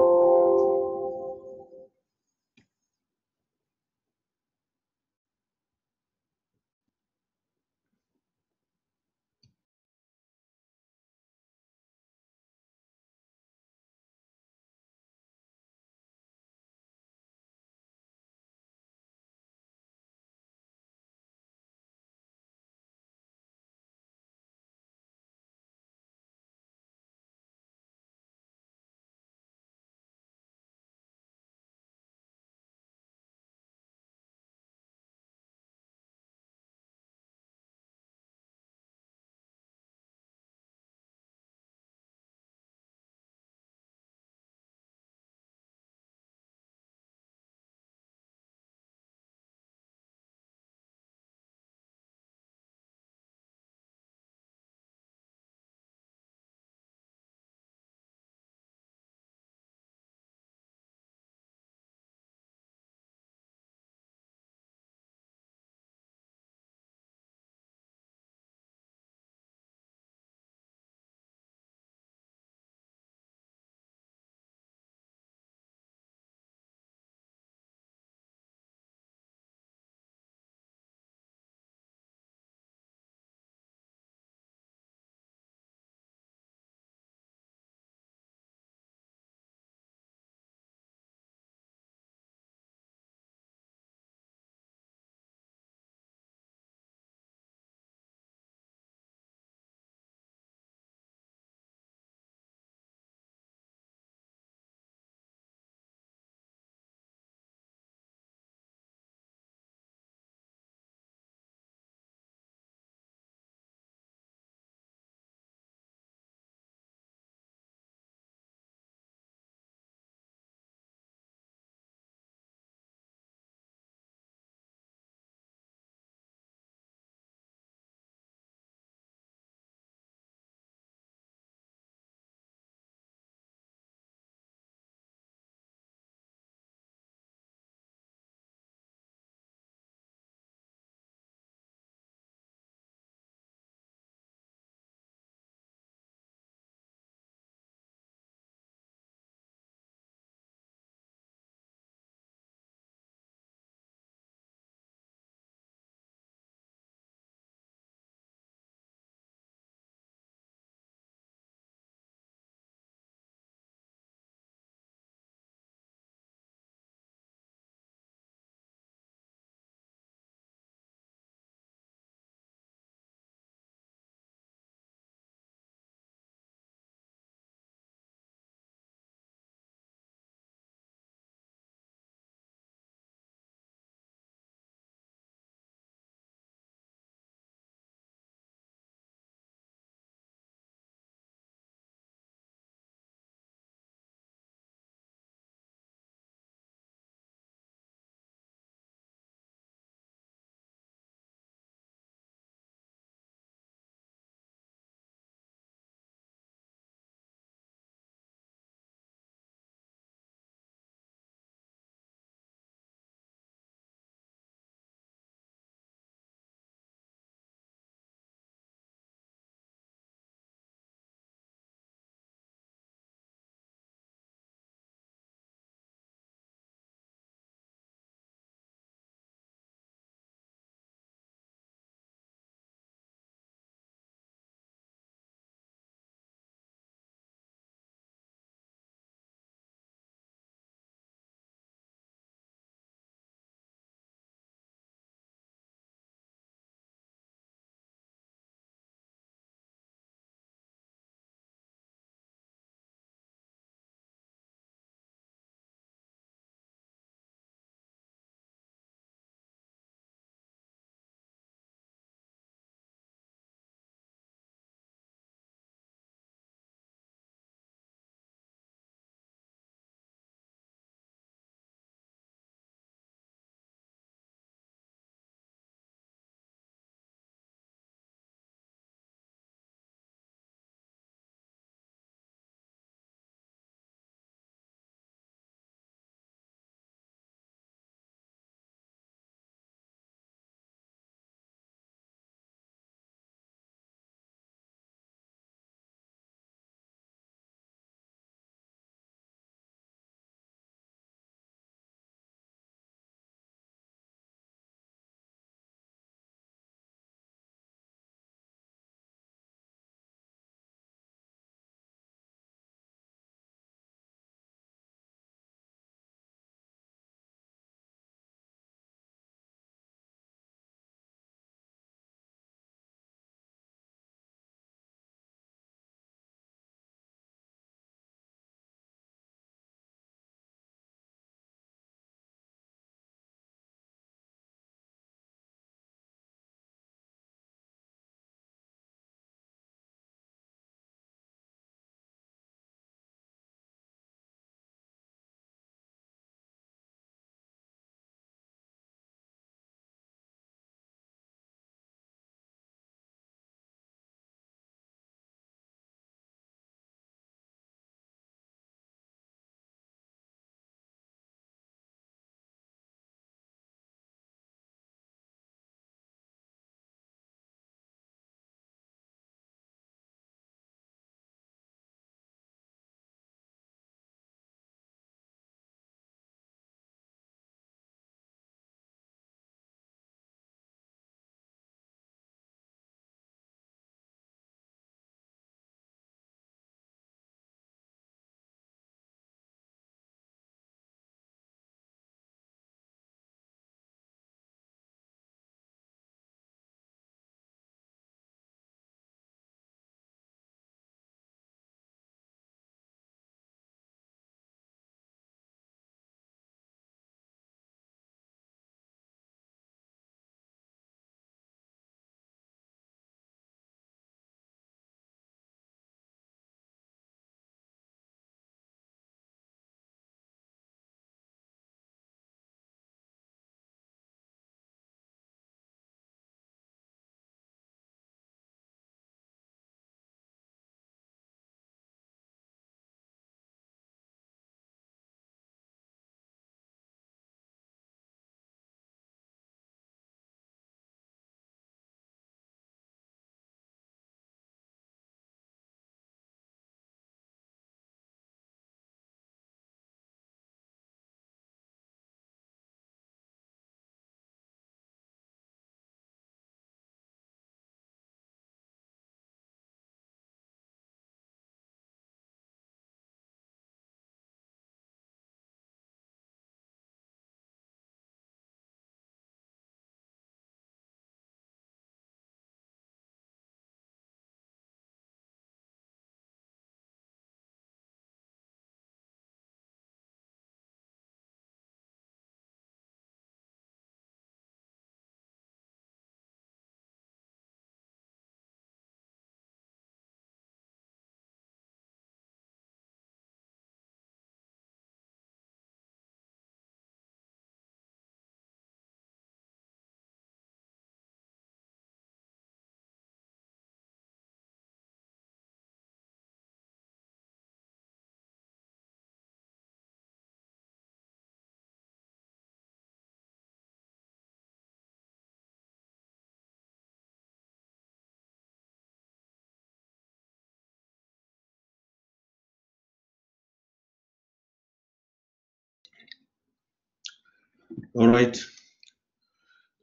All right,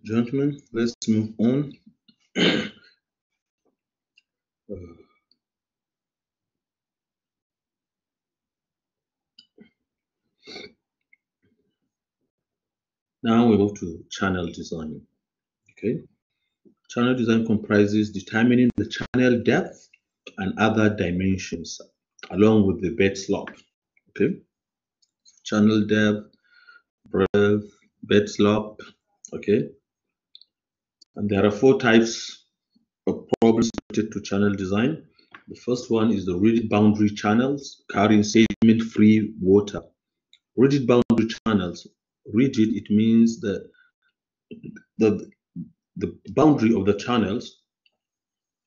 gentlemen, let's move on. now we move to channel design. Okay, channel design comprises determining the channel depth and other dimensions along with the bed slope. Okay, channel depth, breadth, bed slop, okay? And there are four types of problems related to channel design. The first one is the rigid boundary channels carrying sediment-free water. Rigid boundary channels, rigid, it means the, the, the boundary of the channels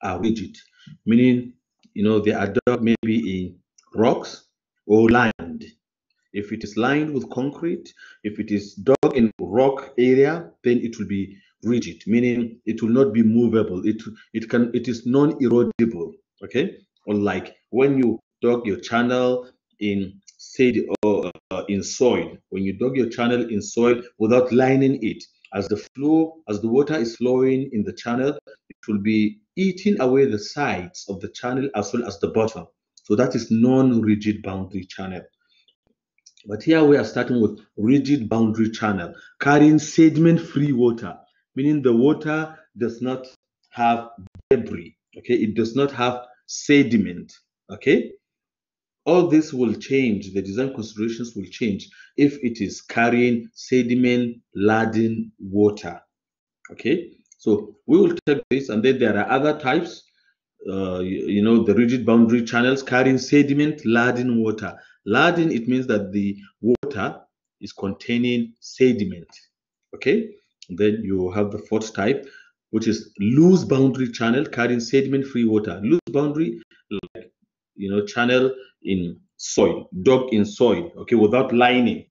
are rigid, meaning, you know, they are dug maybe in rocks or land. If it is lined with concrete, if it is dug in rock area, then it will be rigid, meaning it will not be movable. It it can it is non-erodible. Okay, or like when you dug your channel in said or uh, in soil, when you dug your channel in soil without lining it, as the flow as the water is flowing in the channel, it will be eating away the sides of the channel as well as the bottom. So that is non-rigid boundary channel. But here we are starting with rigid boundary channel carrying sediment-free water, meaning the water does not have debris. Okay, it does not have sediment. Okay, all this will change. The design considerations will change if it is carrying sediment-laden water. Okay, so we will take this, and then there are other types. Uh, you, you know, the rigid boundary channels carrying sediment-laden water. Laden, it means that the water is containing sediment. Okay, then you have the fourth type, which is loose boundary channel carrying sediment free water. Loose boundary, like you know, channel in soil, dug in soil, okay, without lining.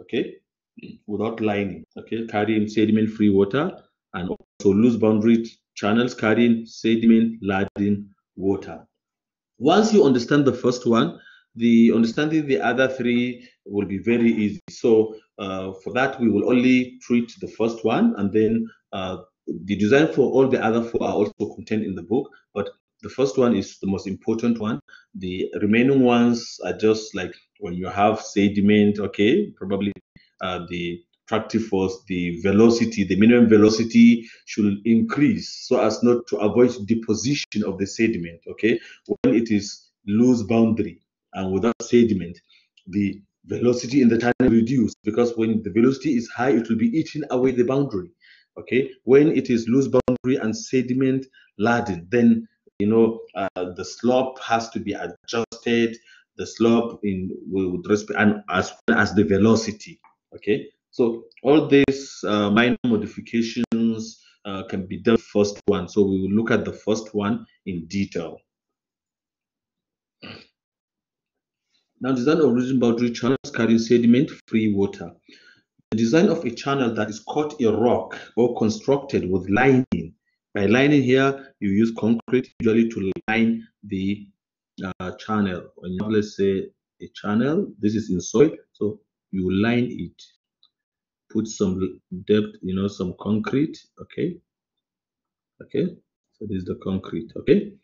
Okay, without lining, okay, carrying sediment free water and also loose boundary channels carrying sediment laden water. Once you understand the first one, the understanding the other three will be very easy. So uh, for that, we will only treat the first one, and then uh, the design for all the other four are also contained in the book. But the first one is the most important one. The remaining ones are just like when you have sediment, okay, probably uh, the attractive force, the velocity, the minimum velocity should increase so as not to avoid deposition of the sediment, okay, when it is loose boundary and without sediment, the velocity in the channel will reduce because when the velocity is high, it will be eating away the boundary. Okay, when it is loose boundary and sediment laden, then you know uh, the slope has to be adjusted. The slope in with respect and as well as the velocity. Okay, so all these uh, minor modifications uh, can be done first one. So we will look at the first one in detail. Now, design of region boundary channels carrying sediment-free water. The design of a channel that is cut in rock or constructed with lining. By lining here, you use concrete usually to line the uh, channel. When you let's say, a channel, this is in soil, so you line it. Put some depth, you know, some concrete, okay? Okay, so this is the concrete, okay?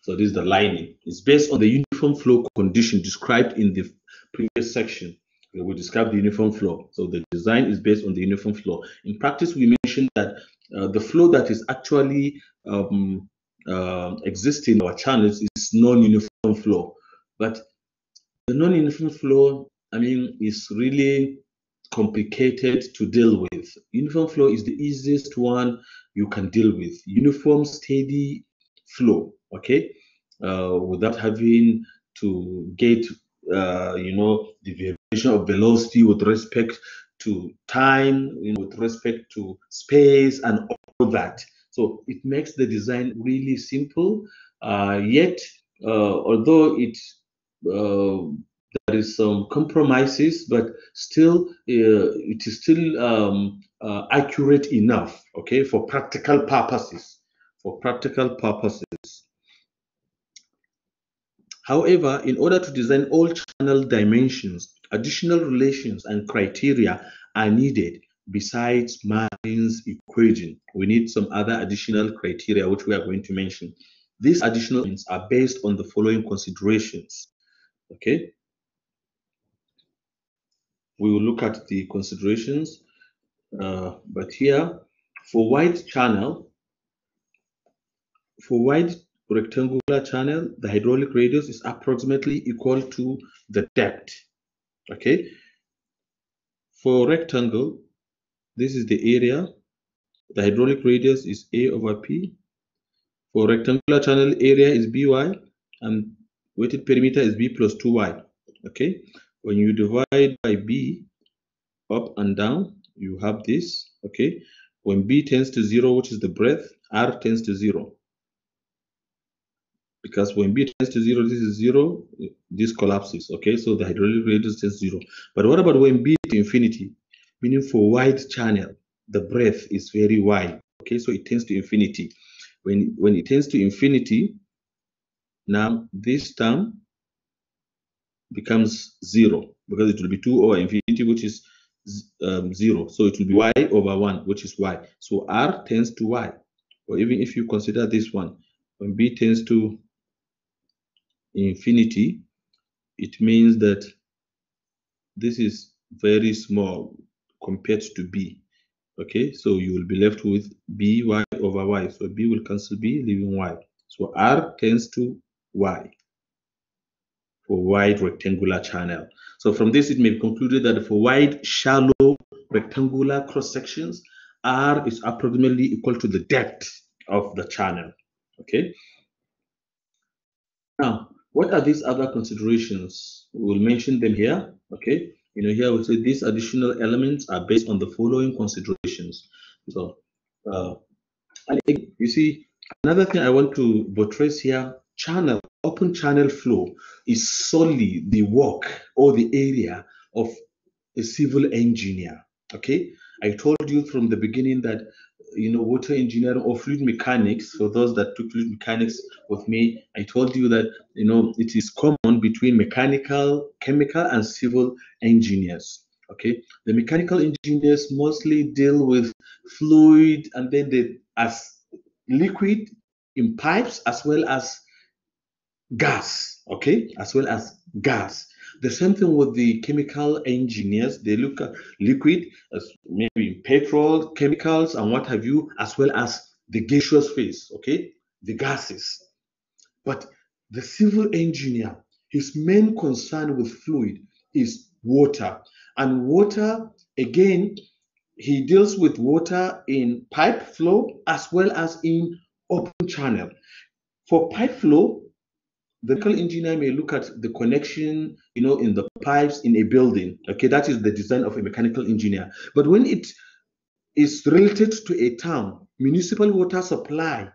So this is the lining. It's based on the uniform flow condition described in the previous section. We described the uniform flow. So the design is based on the uniform flow. In practice, we mentioned that uh, the flow that is actually um, uh, existing in our channels is non-uniform flow. But the non-uniform flow, I mean, is really complicated to deal with. Uniform flow is the easiest one you can deal with. Uniform steady flow, okay? Uh, without having to get uh, you know the variation of velocity with respect to time, you know, with respect to space and all that. So it makes the design really simple. Uh, yet, uh, although it uh, there is some compromises, but still uh, it is still um, accurate enough, okay, for practical purposes. For practical purposes. However, in order to design all channel dimensions, additional relations and criteria are needed besides Martin's equation. We need some other additional criteria which we are going to mention. These additional ones are based on the following considerations. Okay. We will look at the considerations. Uh, but here, for wide channel, for wide rectangular channel, the hydraulic radius is approximately equal to the depth. Okay. For rectangle, this is the area. The hydraulic radius is A over P. For rectangular channel, area is BY and weighted perimeter is B plus 2Y. Okay. When you divide by B up and down, you have this. Okay. When B tends to zero, which is the breadth, R tends to zero because when b tends to zero, this is zero, this collapses, okay? So the hydraulic radius is zero. But what about when b to infinity? Meaning for wide channel, the breadth is very wide, okay? So it tends to infinity. When, when it tends to infinity, now this term becomes zero because it will be two over infinity, which is um, zero. So it will be y over one, which is y. So r tends to y, or even if you consider this one, when b tends to infinity, it means that this is very small compared to b. Okay, so you will be left with b y over y. So b will cancel b, leaving y. So r tends to y for wide rectangular channel. So from this, it may be concluded that for wide, shallow rectangular cross sections, R is approximately equal to the depth of the channel. Okay. Now, what are these other considerations? We'll mention them here, okay? You know, here we say these additional elements are based on the following considerations. So, uh, and you see, another thing I want to buttress here, channel, open channel flow is solely the work or the area of a civil engineer, okay? I told you from the beginning that you know water engineering or fluid mechanics for those that took fluid mechanics with me i told you that you know it is common between mechanical chemical and civil engineers okay the mechanical engineers mostly deal with fluid and then they as liquid in pipes as well as gas okay as well as gas the same thing with the chemical engineers. They look at liquid as maybe petrol, chemicals, and what have you, as well as the gaseous phase, okay, the gases. But the civil engineer, his main concern with fluid is water. And water, again, he deals with water in pipe flow as well as in open channel. For pipe flow, the mechanical engineer may look at the connection, you know, in the pipes in a building. Okay, that is the design of a mechanical engineer. But when it is related to a town, municipal water supply,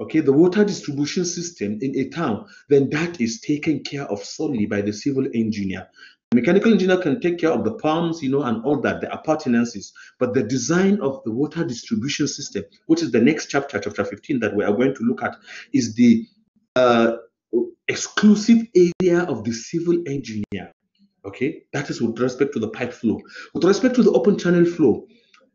okay, the water distribution system in a town, then that is taken care of solely by the civil engineer. The mechanical engineer can take care of the pumps, you know, and all that, the appurtenances, but the design of the water distribution system, which is the next chapter, chapter 15, that we are going to look at, is the uh, exclusive area of the civil engineer. Okay, that is with respect to the pipe flow. With respect to the open channel flow,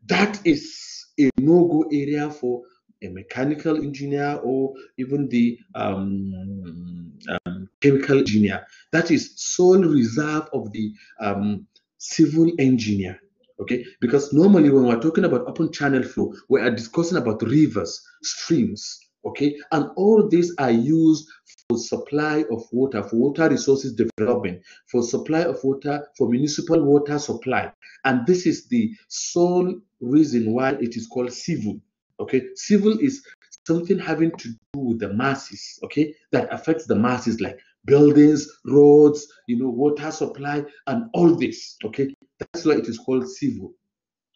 that is a no-go area for a mechanical engineer or even the um, um, chemical engineer. That is sole reserve of the um, civil engineer. Okay, because normally when we're talking about open channel flow, we are discussing about rivers, streams, okay and all these are used for supply of water for water resources development for supply of water for municipal water supply and this is the sole reason why it is called civil okay civil is something having to do with the masses okay that affects the masses like buildings roads you know water supply and all this okay that's why it is called civil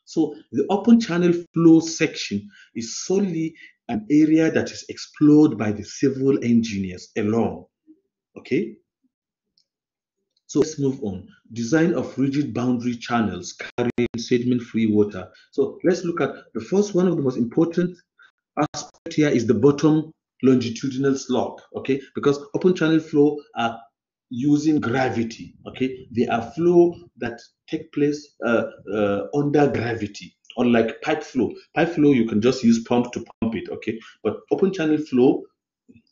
so the open channel flow section is solely an area that is explored by the civil engineers alone. Okay? So let's move on. Design of rigid boundary channels carrying sediment-free water. So let's look at the first one of the most important aspect here is the bottom longitudinal slope, okay? Because open channel flow are using gravity, okay? They are flow that take place uh, uh, under gravity, Unlike like pipe flow. Pipe flow, you can just use pump to pump it, okay? But open channel flow,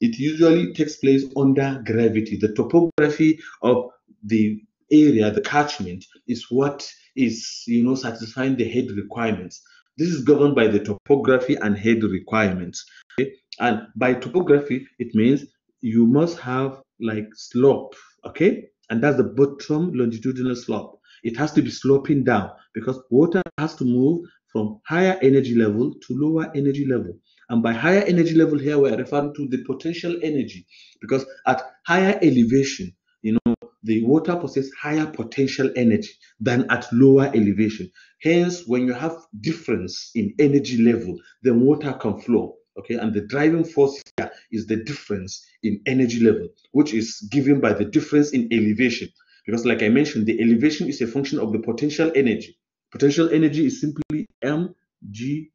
it usually takes place under gravity. The topography of the area, the catchment, is what is, you know, satisfying the head requirements. This is governed by the topography and head requirements. Okay? And by topography, it means you must have like slope, okay? And that's the bottom longitudinal slope. It has to be sloping down because water has to move from higher energy level to lower energy level. And by higher energy level here, we're referring to the potential energy because at higher elevation, you know, the water possesses higher potential energy than at lower elevation. Hence, when you have difference in energy level, then water can flow. Okay, and the driving force here is the difference in energy level, which is given by the difference in elevation. Because, like I mentioned, the elevation is a function of the potential energy. Potential energy is simply mgh.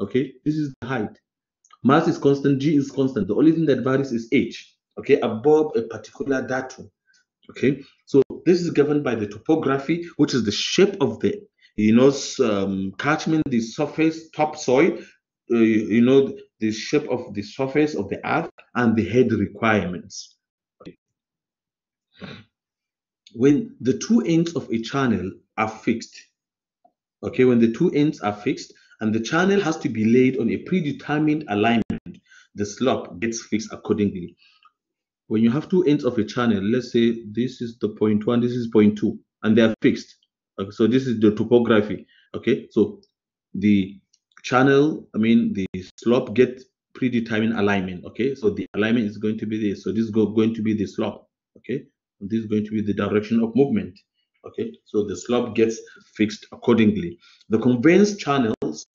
Okay, this is the height. Mass is constant, g is constant. The only thing that varies is h. Okay, above a particular datum. Okay, so this is governed by the topography, which is the shape of the you know um, catchment, the surface, topsoil, uh, you know the shape of the surface of the earth and the head requirements. When the two ends of a channel are fixed, okay, when the two ends are fixed and the channel has to be laid on a predetermined alignment, the slope gets fixed accordingly. When you have two ends of a channel, let's say this is the point one, this is point two, and they are fixed. Okay, so this is the topography. Okay, so the channel, I mean the slope get predetermined alignment. Okay, so the alignment is going to be this. So this is going to be the slope. Okay, and this is going to be the direction of movement. Okay, so the slope gets fixed accordingly. The conveyance channels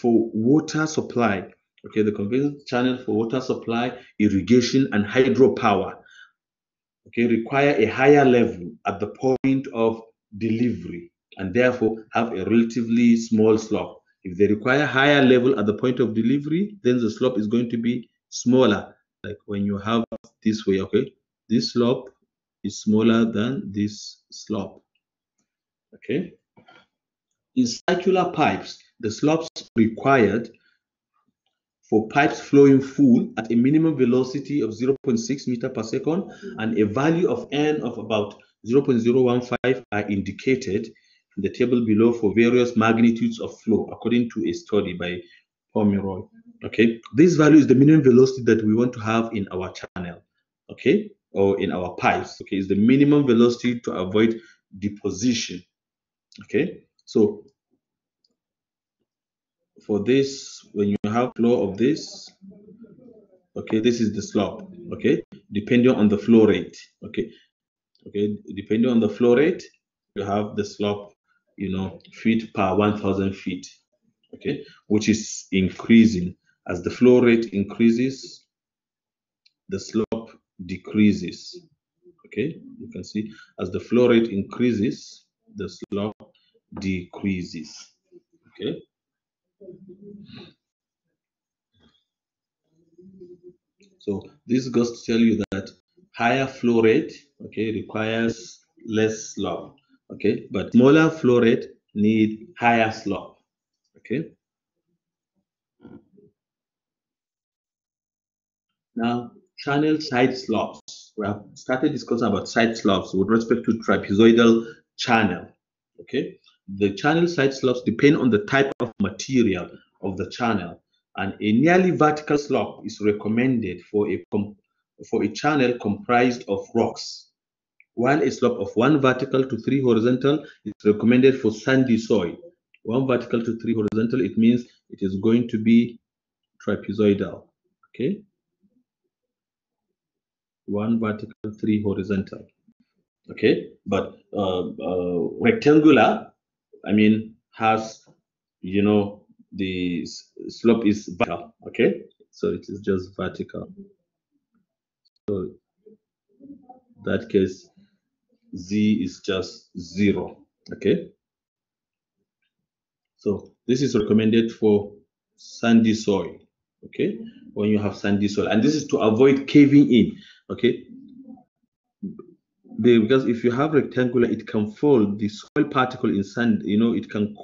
for water supply, okay, the conveyance channel for water supply, irrigation, and hydropower, okay, require a higher level at the point of delivery and therefore have a relatively small slope. If they require higher level at the point of delivery, then the slope is going to be smaller. Like when you have this way, okay, this slope is smaller than this slope. Okay. In circular pipes, the slopes required for pipes flowing full at a minimum velocity of 0.6 meter per second and a value of n of about 0.015 are indicated in the table below for various magnitudes of flow according to a study by Pomeroy. Okay, this value is the minimum velocity that we want to have in our channel. Okay, or in our pipes. Okay, it's the minimum velocity to avoid deposition. Okay, so for this, when you have flow of this, okay, this is the slope. Okay, depending on the flow rate. Okay, okay, depending on the flow rate, you have the slope, you know, feet per 1,000 feet. Okay, which is increasing as the flow rate increases, the slope decreases. Okay, you can see as the flow rate increases, the slope decreases. Okay. So this goes to tell you that higher flow rate, okay, requires less slope, okay, but smaller flow rate need higher slope, okay. Now channel side slopes. We have started discussing about side slopes with respect to trapezoidal channel. Okay, the channel side slopes depend on the type of material of the channel, and a nearly vertical slope is recommended for a for a channel comprised of rocks, while a slope of one vertical to three horizontal is recommended for sandy soil. One vertical to three horizontal, it means it is going to be trapezoidal. Okay one vertical, three horizontal. Okay, but uh, uh, rectangular, I mean, has you know the slope is vertical. Okay, so it is just vertical. So that case, z is just zero. Okay, so this is recommended for sandy soil. Okay, when you have sandy soil, and this is to avoid caving in okay because if you have rectangular it can fold the soil particle in sand you know it can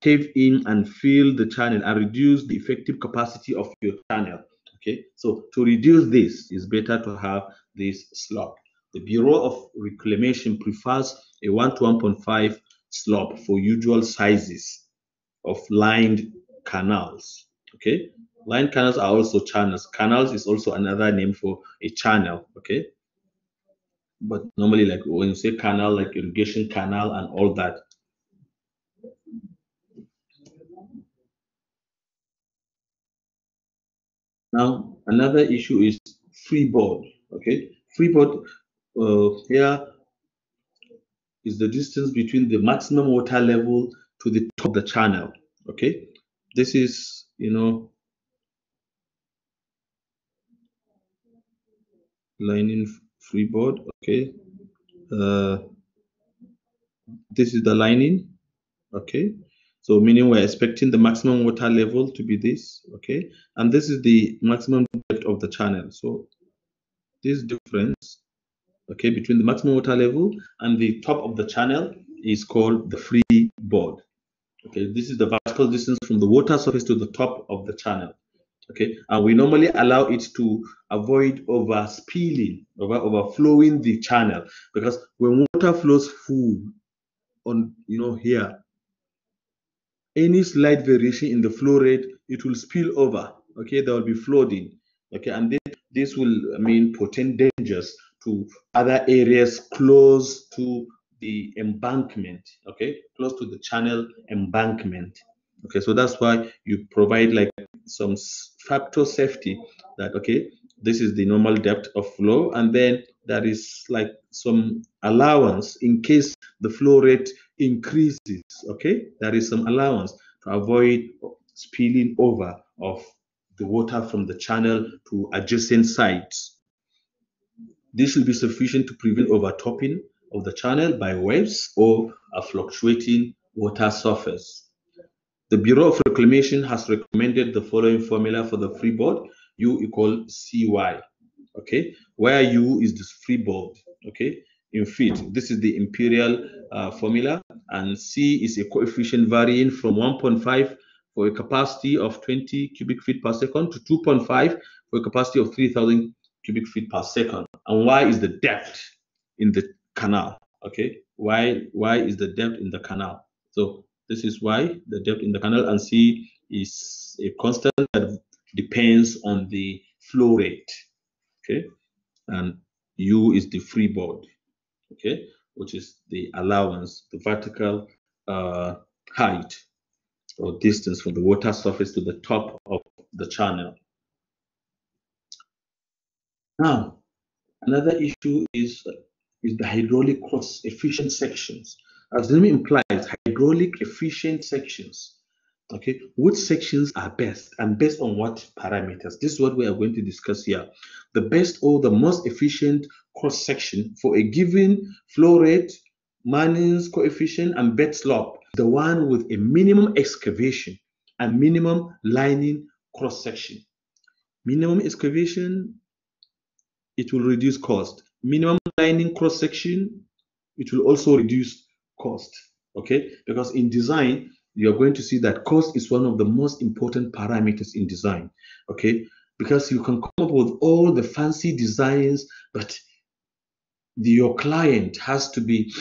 cave in and fill the channel and reduce the effective capacity of your channel okay so to reduce this is better to have this slope the bureau of reclamation prefers a 1 to 1.5 slope for usual sizes of lined canals okay Line canals are also channels. Canals is also another name for a channel, okay? But normally, like when you say canal, like irrigation canal and all that. Now, another issue is freeboard, okay? Freeboard uh, here is the distance between the maximum water level to the top of the channel, okay? This is, you know, line in freeboard okay uh, this is the line in okay so meaning we're expecting the maximum water level to be this okay and this is the maximum depth of the channel so this difference okay between the maximum water level and the top of the channel is called the freeboard okay this is the vertical distance from the water surface to the top of the channel okay and we normally allow it to avoid overspilling over overflowing the channel because when water flows full on you know here any slight variation in the flow rate it will spill over okay there will be flooding okay and this, this will mean potent dangers to other areas close to the embankment okay close to the channel embankment okay so that's why you provide like some factor safety that okay this is the normal depth of flow and then there is like some allowance in case the flow rate increases okay there is some allowance to avoid spilling over of the water from the channel to adjacent sites this will be sufficient to prevent overtopping of the channel by waves or a fluctuating water surface the Bureau of Reclamation has recommended the following formula for the freeboard, U equal CY, okay, where U is this freeboard, okay, in feet. This is the imperial uh, formula, and C is a coefficient varying from 1.5 for a capacity of 20 cubic feet per second to 2.5 for a capacity of 3,000 cubic feet per second. And Y is the depth in the canal, okay? Y, y is the depth in the canal. So this is why the depth in the canal and C is a constant that depends on the flow rate. Okay. And U is the free body. Okay. Which is the allowance, the vertical uh, height or distance from the water surface to the top of the channel. Now, another issue is, is the hydraulic cross efficient sections. As the name implies, hydraulic efficient sections. Okay, which sections are best and based on what parameters? This is what we are going to discuss here. The best or the most efficient cross section for a given flow rate, Manning's coefficient, and bed slope. The one with a minimum excavation and minimum lining cross section. Minimum excavation, it will reduce cost. Minimum lining cross section, it will also reduce cost. Okay, because in design, you're going to see that cost is one of the most important parameters in design. Okay, because you can come up with all the fancy designs, but the, your client has to be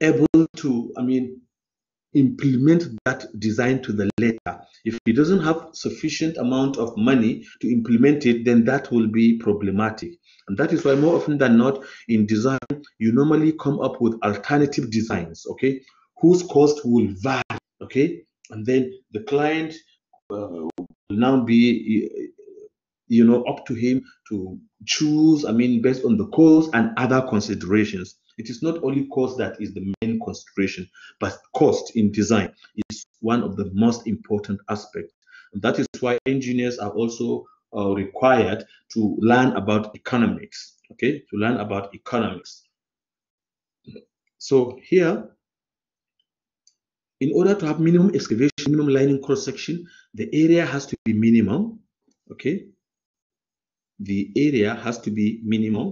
able to, I mean, implement that design to the letter. If he doesn't have sufficient amount of money to implement it, then that will be problematic. And that is why more often than not in design, you normally come up with alternative designs, okay, whose cost will vary, okay, and then the client uh, will now be, you know, up to him to choose, I mean, based on the cost and other considerations. It is not only cost that is the main consideration, but cost in design is one of the most important aspects. And that is why engineers are also uh, required to learn about economics okay to learn about economics so here in order to have minimum excavation minimum lining cross section the area has to be minimum okay the area has to be minimum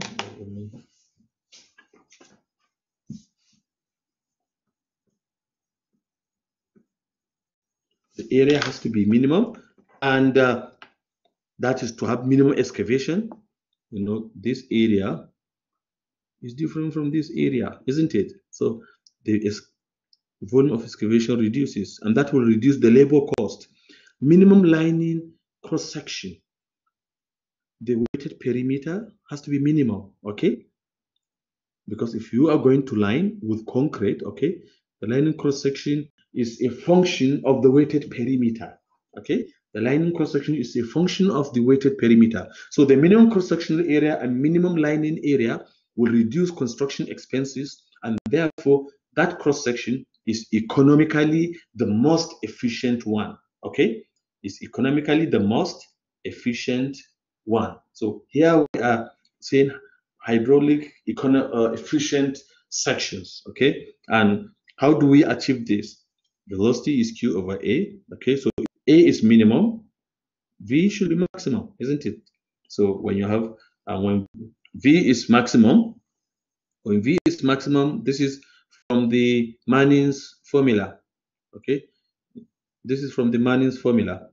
the area has to be minimum and uh, that is to have minimum excavation. You know, this area is different from this area, isn't it? So the volume of excavation reduces, and that will reduce the labor cost. Minimum lining cross section. The weighted perimeter has to be minimal, okay? Because if you are going to line with concrete, okay, the lining cross section is a function of the weighted perimeter, okay? The lining cross-section is a function of the weighted perimeter. So the minimum cross-sectional area and minimum lining area will reduce construction expenses and therefore that cross-section is economically the most efficient one. Okay, is economically the most efficient one. So here we are saying hydraulic econo uh, efficient sections. Okay, and how do we achieve this? Velocity is q over a. Okay, so a is minimum, V should be maximum, isn't it? So when you have, uh, when V is maximum, when V is maximum, this is from the Manning's formula, okay? This is from the Manning's formula.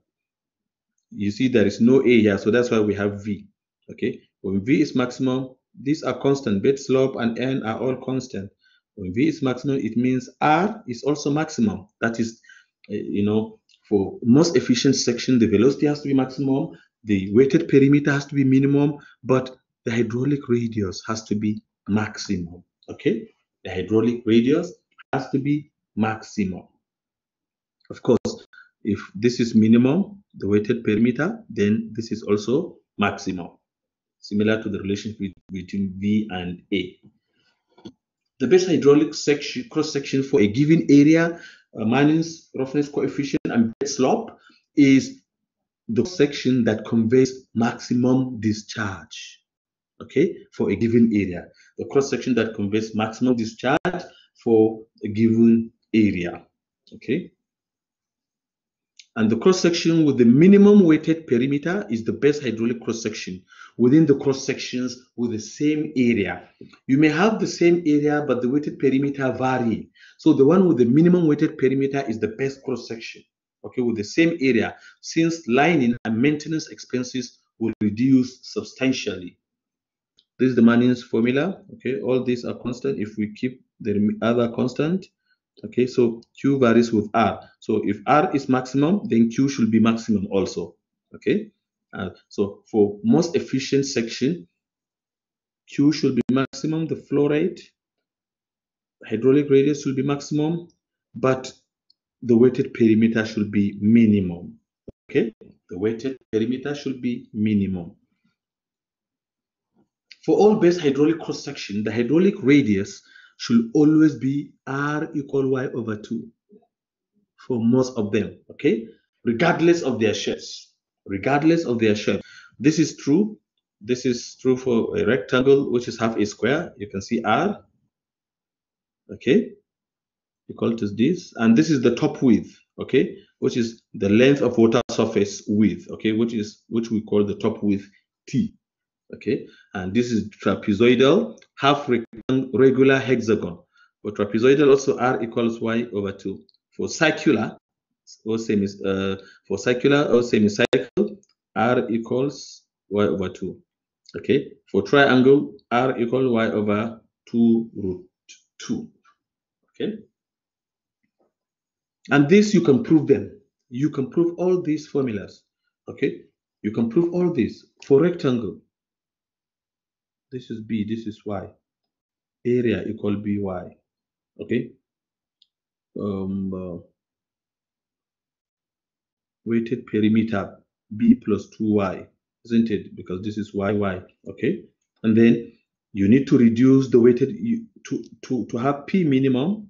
You see there is no A here, so that's why we have V, okay? When V is maximum, these are constant. Bed slope and N are all constant. When V is maximum, it means R is also maximum. That is, eh, you know, for most efficient section, the velocity has to be maximum, the weighted perimeter has to be minimum, but the hydraulic radius has to be maximum. Okay, the hydraulic radius has to be maximum. Of course, if this is minimum, the weighted perimeter, then this is also maximum, similar to the relationship between V and A. The best hydraulic section, cross section for a given area uh, Manning's roughness coefficient and bed slope is the section that conveys maximum discharge okay for a given area the cross section that conveys maximum discharge for a given area okay and the cross section with the minimum weighted perimeter is the best hydraulic cross section within the cross sections with the same area. You may have the same area, but the weighted perimeter vary. So the one with the minimum weighted perimeter is the best cross section, okay, with the same area, since lining and maintenance expenses will reduce substantially. This is the Manning's formula, okay? All these are constant if we keep the other constant. Okay, so Q varies with R. So if R is maximum, then Q should be maximum also. Okay, uh, so for most efficient section, Q should be maximum, the flow rate, hydraulic radius should be maximum, but the weighted perimeter should be minimum. Okay, the weighted perimeter should be minimum. For all base hydraulic cross section, the hydraulic radius should always be r equal y over 2 for most of them, okay? Regardless of their shapes, regardless of their shape. This is true. This is true for a rectangle, which is half a square. You can see r, okay, equal to this. And this is the top width, okay, which is the length of water surface width, okay, which is which we call the top width t, okay. And this is trapezoidal, half regular hexagon, for trapezoidal also R equals Y over 2. For circular or semi uh, for circular or semicircle, R equals Y over 2. Okay, for triangle, R equals Y over 2 root 2. Okay, and this you can prove them. You can prove all these formulas. Okay, you can prove all these. for rectangle. This is B, this is Y area equal by okay um, uh, weighted perimeter b plus 2y isn't it because this is y, okay and then you need to reduce the weighted to to to have p minimum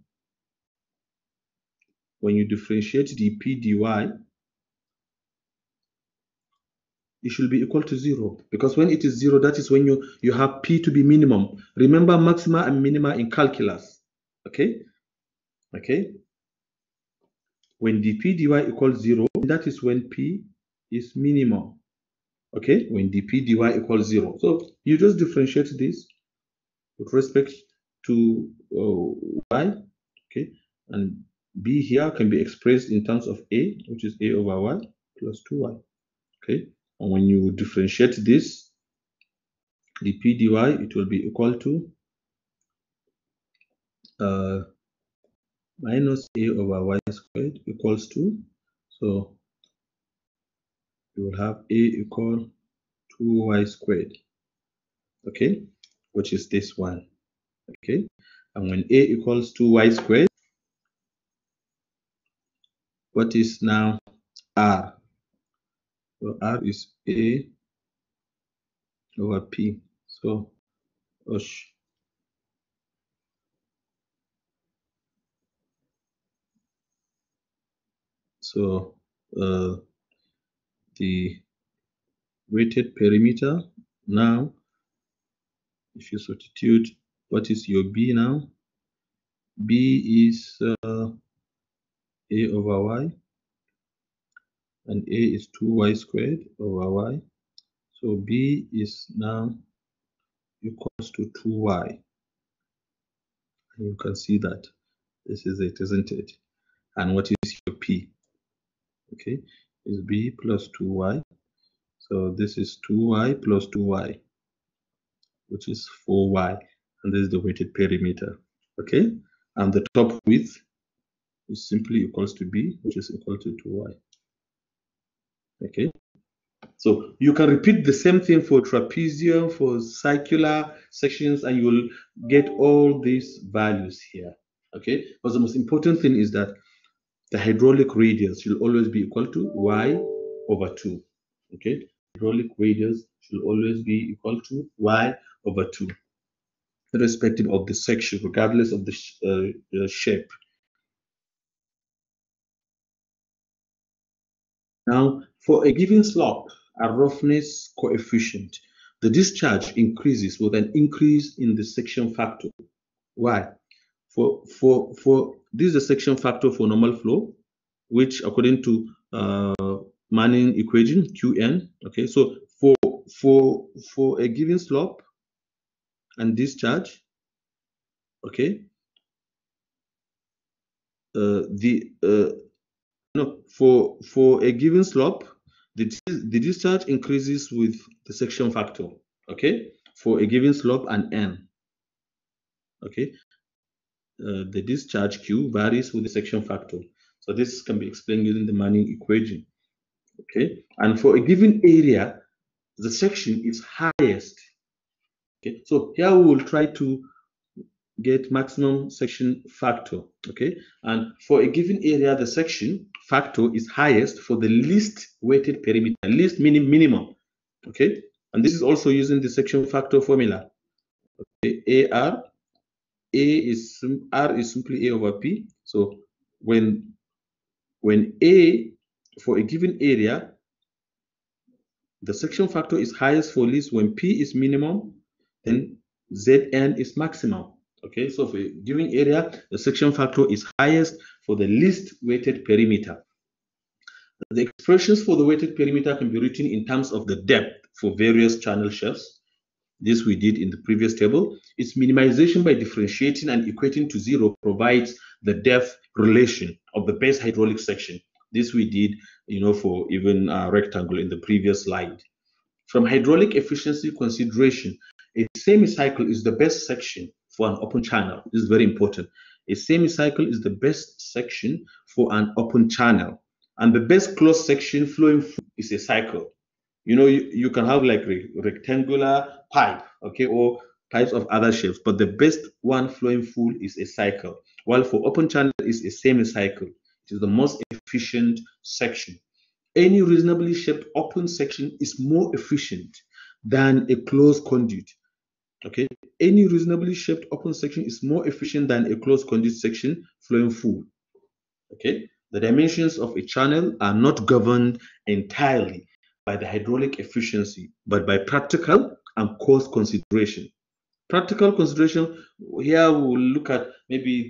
when you differentiate dp dy it should be equal to zero because when it is zero that is when you you have p to be minimum remember maxima and minima in calculus okay okay when dp dy equals zero that is when p is minimum okay when dp dy equals zero so you just differentiate this with respect to uh, y okay and b here can be expressed in terms of a which is a over y plus 2y okay and when you differentiate this, the p dy, it will be equal to uh, minus a over y squared equals to, so you will have a equal 2y squared, okay, which is this one, okay. And when a equals 2y squared, what is now r? So R is A over P. So Osh. So uh, the weighted perimeter now, if you substitute what is your B now, B is uh, A over Y and a is 2y squared over y. So b is now equals to 2y. And you can see that this is it, isn't it? And what is your p? Okay, is b plus 2y. So this is 2y plus 2y, which is 4y. And this is the weighted perimeter. Okay, and the top width is simply equals to b, which is equal to 2y. Okay. So you can repeat the same thing for trapezium, for circular sections, and you'll get all these values here. Okay. But the most important thing is that the hydraulic radius will always be equal to y over 2. Okay. Hydraulic radius should always be equal to y over 2, irrespective of the section, regardless of the sh uh, uh, shape. Now, for a given slope, a roughness coefficient, the discharge increases with an increase in the section factor. Why? For, for, for this is the section factor for normal flow, which according to uh, Manning equation, Qn, okay, so for, for, for a given slope and discharge, okay, uh, the uh, no, for for a given slope, the, the discharge increases with the section factor, okay? For a given slope and n, okay? Uh, the discharge Q varies with the section factor. So this can be explained using the Manning equation, okay? And for a given area, the section is highest, okay? So here we will try to get maximum section factor, okay? And for a given area, the section factor is highest for the least weighted perimeter, least meaning minimum. Okay, and this is also using the section factor formula. Okay, AR, A is R is simply A over P. So when when A for a given area, the section factor is highest for least when P is minimum, then Zn is maximum. Okay, so for a given area, the section factor is highest for the least weighted perimeter. The expressions for the weighted perimeter can be written in terms of the depth for various channel shafts. This we did in the previous table. Its minimization by differentiating and equating to zero provides the depth relation of the base hydraulic section. This we did, you know, for even a rectangle in the previous slide. From hydraulic efficiency consideration, a semi-cycle is the best section for an open channel. This is very important. A semicircle is the best section for an open channel. And the best closed section flowing is a cycle. You know, you, you can have like re- rectangular pipe, okay, or types of other shapes, but the best one flowing full is a cycle. While for open channel is a semi-cycle. It is the most efficient section. Any reasonably shaped open section is more efficient than a closed conduit Okay, any reasonably shaped open section is more efficient than a closed conduit section flowing full. Okay, the dimensions of a channel are not governed entirely by the hydraulic efficiency, but by practical and cost consideration. Practical consideration here we'll look at maybe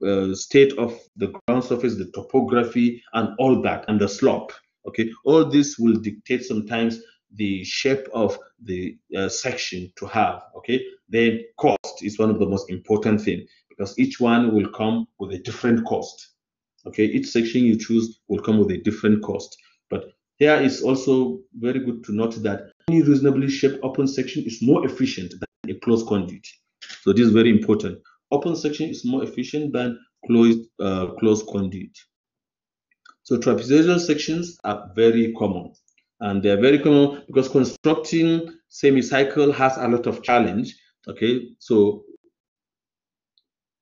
the uh, state of the ground surface, the topography, and all that, and the slope. Okay, all this will dictate sometimes the shape of the uh, section to have okay then cost is one of the most important thing because each one will come with a different cost okay each section you choose will come with a different cost but here it's also very good to note that any reasonably shaped open section is more efficient than a closed conduit so this is very important open section is more efficient than closed uh, closed conduit so trapezoidal sections are very common and they are very common because constructing semicircle has a lot of challenge. Okay, so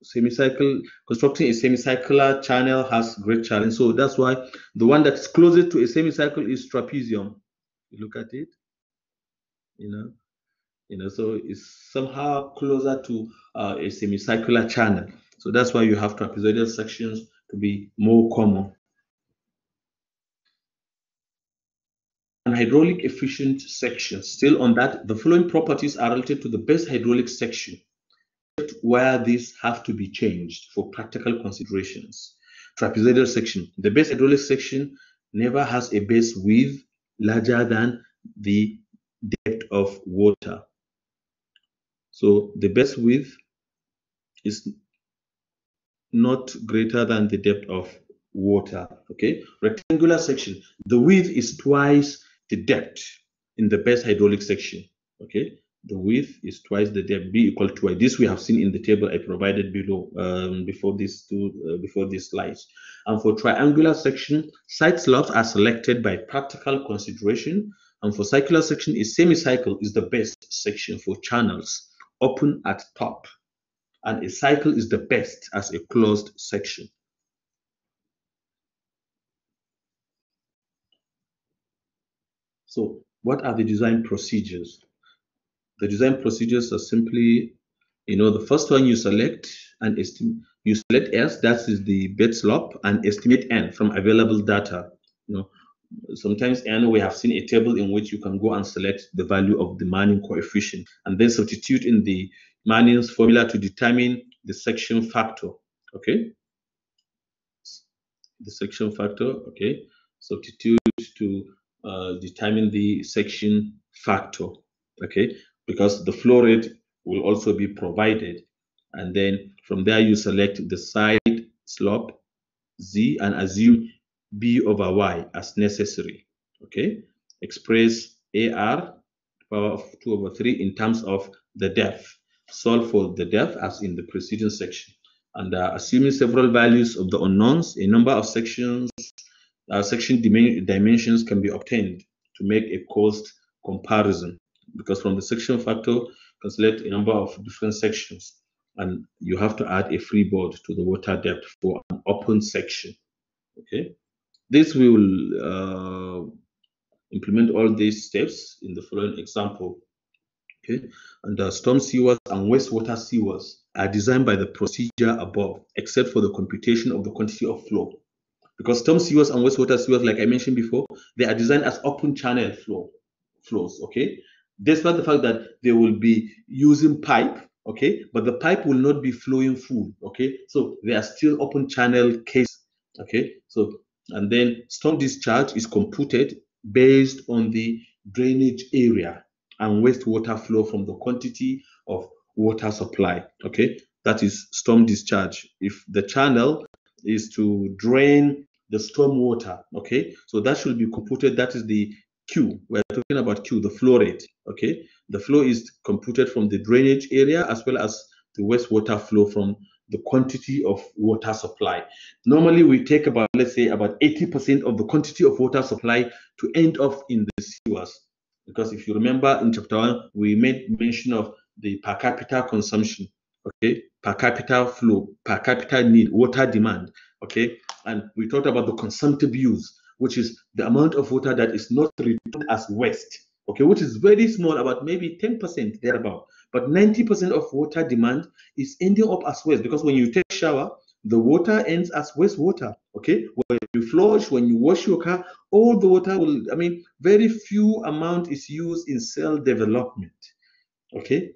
semicircle constructing a semicircular channel has great challenge. So that's why the one that's closest to a semicircle is trapezium. You look at it, you know, you know, so it's somehow closer to uh, a semicircular channel. So that's why you have trapezoidal sections to be more common. hydraulic efficient section. Still on that, the following properties are related to the best hydraulic section where these have to be changed for practical considerations. Trapezoidal section. The base hydraulic section never has a base width larger than the depth of water. So the base width is not greater than the depth of water. Okay. Rectangular section. The width is twice the depth in the base hydraulic section. Okay, the width is twice the depth, b equal to y. This we have seen in the table I provided below um, before these two uh, before these slides. And for triangular section, side slopes are selected by practical consideration. And for circular section, a semicircle is the best section for channels open at top, and a cycle is the best as a closed section. So what are the design procedures? The design procedures are simply, you know, the first one you select and estimate, you select S, that is the bed slope, and estimate N from available data. You know, sometimes N, we have seen a table in which you can go and select the value of the Manning coefficient and then substitute in the Manning's formula to determine the section factor, okay? The section factor, okay? Substitute to uh, determine the section factor, okay? Because the flow rate will also be provided. And then from there, you select the side slope, Z, and assume B over Y as necessary, okay? Express AR power of 2 over 3 in terms of the depth. Solve for the depth as in the preceding section. And uh, assuming several values of the unknowns, a number of sections uh, section dimensions can be obtained to make a cost comparison because from the section factor can select a number of different sections and you have to add a freeboard to the water depth for an open section okay this will uh, implement all these steps in the following example okay and uh, storm sewers and wastewater sewers are designed by the procedure above except for the computation of the quantity of flow because storm sewers and wastewater sewers, like I mentioned before, they are designed as open channel flow flows. Okay, despite the fact that they will be using pipe. Okay, but the pipe will not be flowing full. Okay, so they are still open channel case. Okay, so and then storm discharge is computed based on the drainage area and wastewater flow from the quantity of water supply. Okay, that is storm discharge. If the channel is to drain the storm water. Okay, so that should be computed. That is the Q. We're talking about Q, the flow rate. Okay, the flow is computed from the drainage area as well as the wastewater flow from the quantity of water supply. Normally, we take about, let's say, about 80% of the quantity of water supply to end up in the sewers. Because if you remember in chapter one, we made mention of the per capita consumption, okay, per capita flow, per capita need, water demand, okay and we talked about the consumptive use, which is the amount of water that is not returned as waste, okay, which is very small, about maybe 10% thereabout. But 90% of water demand is ending up as waste because when you take shower, the water ends as wastewater. Okay, when you flush, when you wash your car, all the water will. I mean, very few amount is used in cell development. Okay.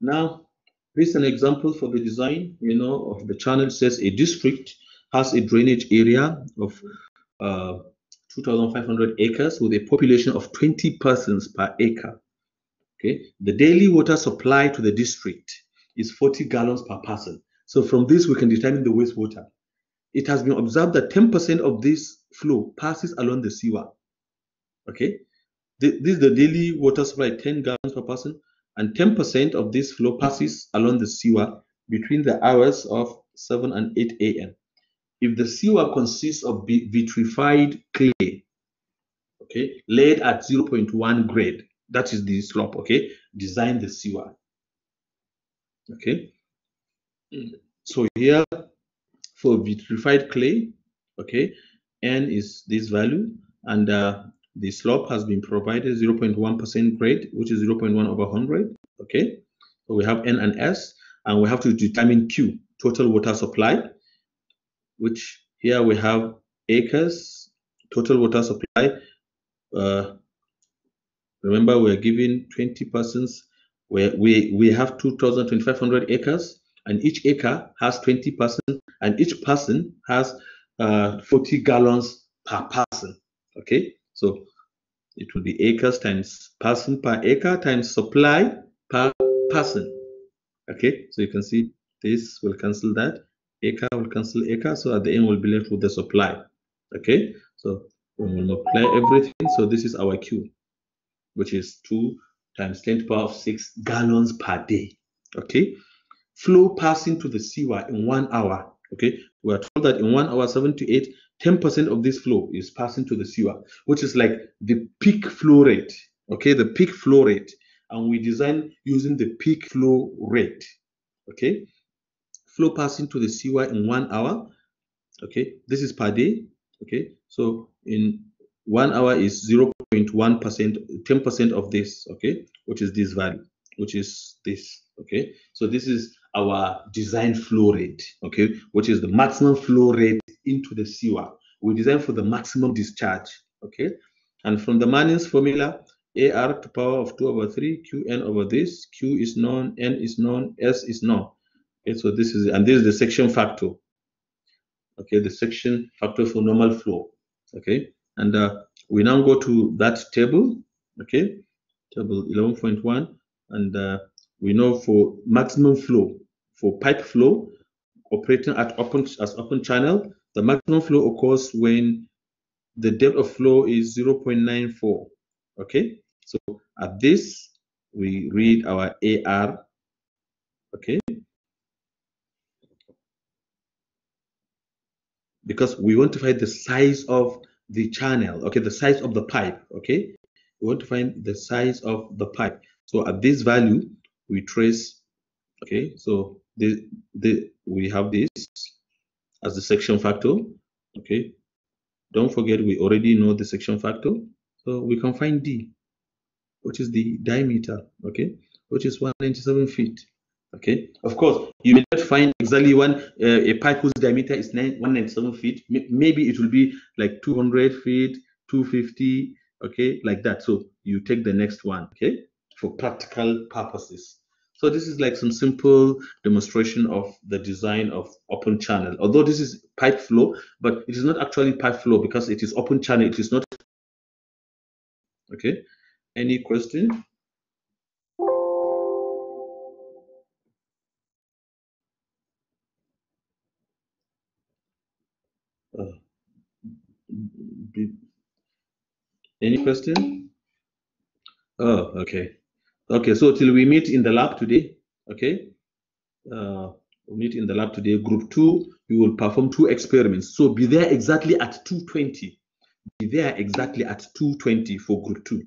Now, Here's an example for the design, you know, of the channel says a district has a drainage area of uh, 2,500 acres with a population of 20 persons per acre. Okay, the daily water supply to the district is 40 gallons per person. So from this, we can determine the wastewater. It has been observed that 10% of this flow passes along the sewer. Okay, this is the daily water supply, 10 gallons per person and 10% of this flow passes along the sewer between the hours of 7 and 8 a.m. If the sewer consists of vitrified clay, okay, laid at 0.1 grade, that is the slope, okay, design the sewer. Okay, so here for vitrified clay, okay, n is this value, and uh, the slope has been provided 0.1% grade, which is 0.1 over 100. Okay, so we have N and S, and we have to determine Q, total water supply, which here we have acres, total water supply. Uh, remember, we're given 20 persons. We, we, we have 2,500 acres, and each acre has 20 persons, and each person has uh, 40 gallons per person. Okay, so it will be acres times person per acre times supply per person. Okay, so you can see this will cancel that. Acre will cancel acre. So at the end, we'll be left with the supply. Okay, so we will multiply everything. So this is our Q, which is 2 times 10 to the power of 6 gallons per day. Okay, flow passing to the sewer in one hour. Okay, we are told that in one hour, 7 to 8 10% of this flow is passing to the sewer, which is like the peak flow rate. Okay, the peak flow rate. And we design using the peak flow rate. Okay, flow passing to the sewer in one hour. Okay, this is per day. Okay, so in one hour is 0.1 percent 10 percent of this okay which is this value which is this okay so this is our design flow rate, okay, which is the maximum flow rate into the sewer. We design for the maximum discharge, okay? And from the Manning's formula, AR to power of 2 over 3, Qn over this, Q is known, N is known, S is known. Okay, so this is, and this is the section factor. Okay, the section factor for normal flow. Okay, and uh, we now go to that table. Okay, table 11.1, and uh, we know for maximum flow, for pipe flow operating at open as open channel, the maximum flow occurs when the depth of flow is 0.94. Okay, so at this we read our AR. Okay, because we want to find the size of the channel. Okay, the size of the pipe. Okay, we want to find the size of the pipe. So at this value, we trace okay so the, the we have this as the section factor okay don't forget we already know the section factor so we can find d which is the diameter okay which is 197 feet okay of course you may not find exactly one uh, a pipe whose diameter is 197 feet maybe it will be like 200 feet 250 okay like that so you take the next one okay for practical purposes so this is like some simple demonstration of the design of open channel. Although this is pipe flow, but it is not actually pipe flow because it is open channel. It is not. Okay. Any question? Uh, any question? Oh, okay. Okay, so till we meet in the lab today, okay, uh, we meet in the lab today, group two, you will perform two experiments. So be there exactly at 2.20. Be there exactly at 2.20 for group two.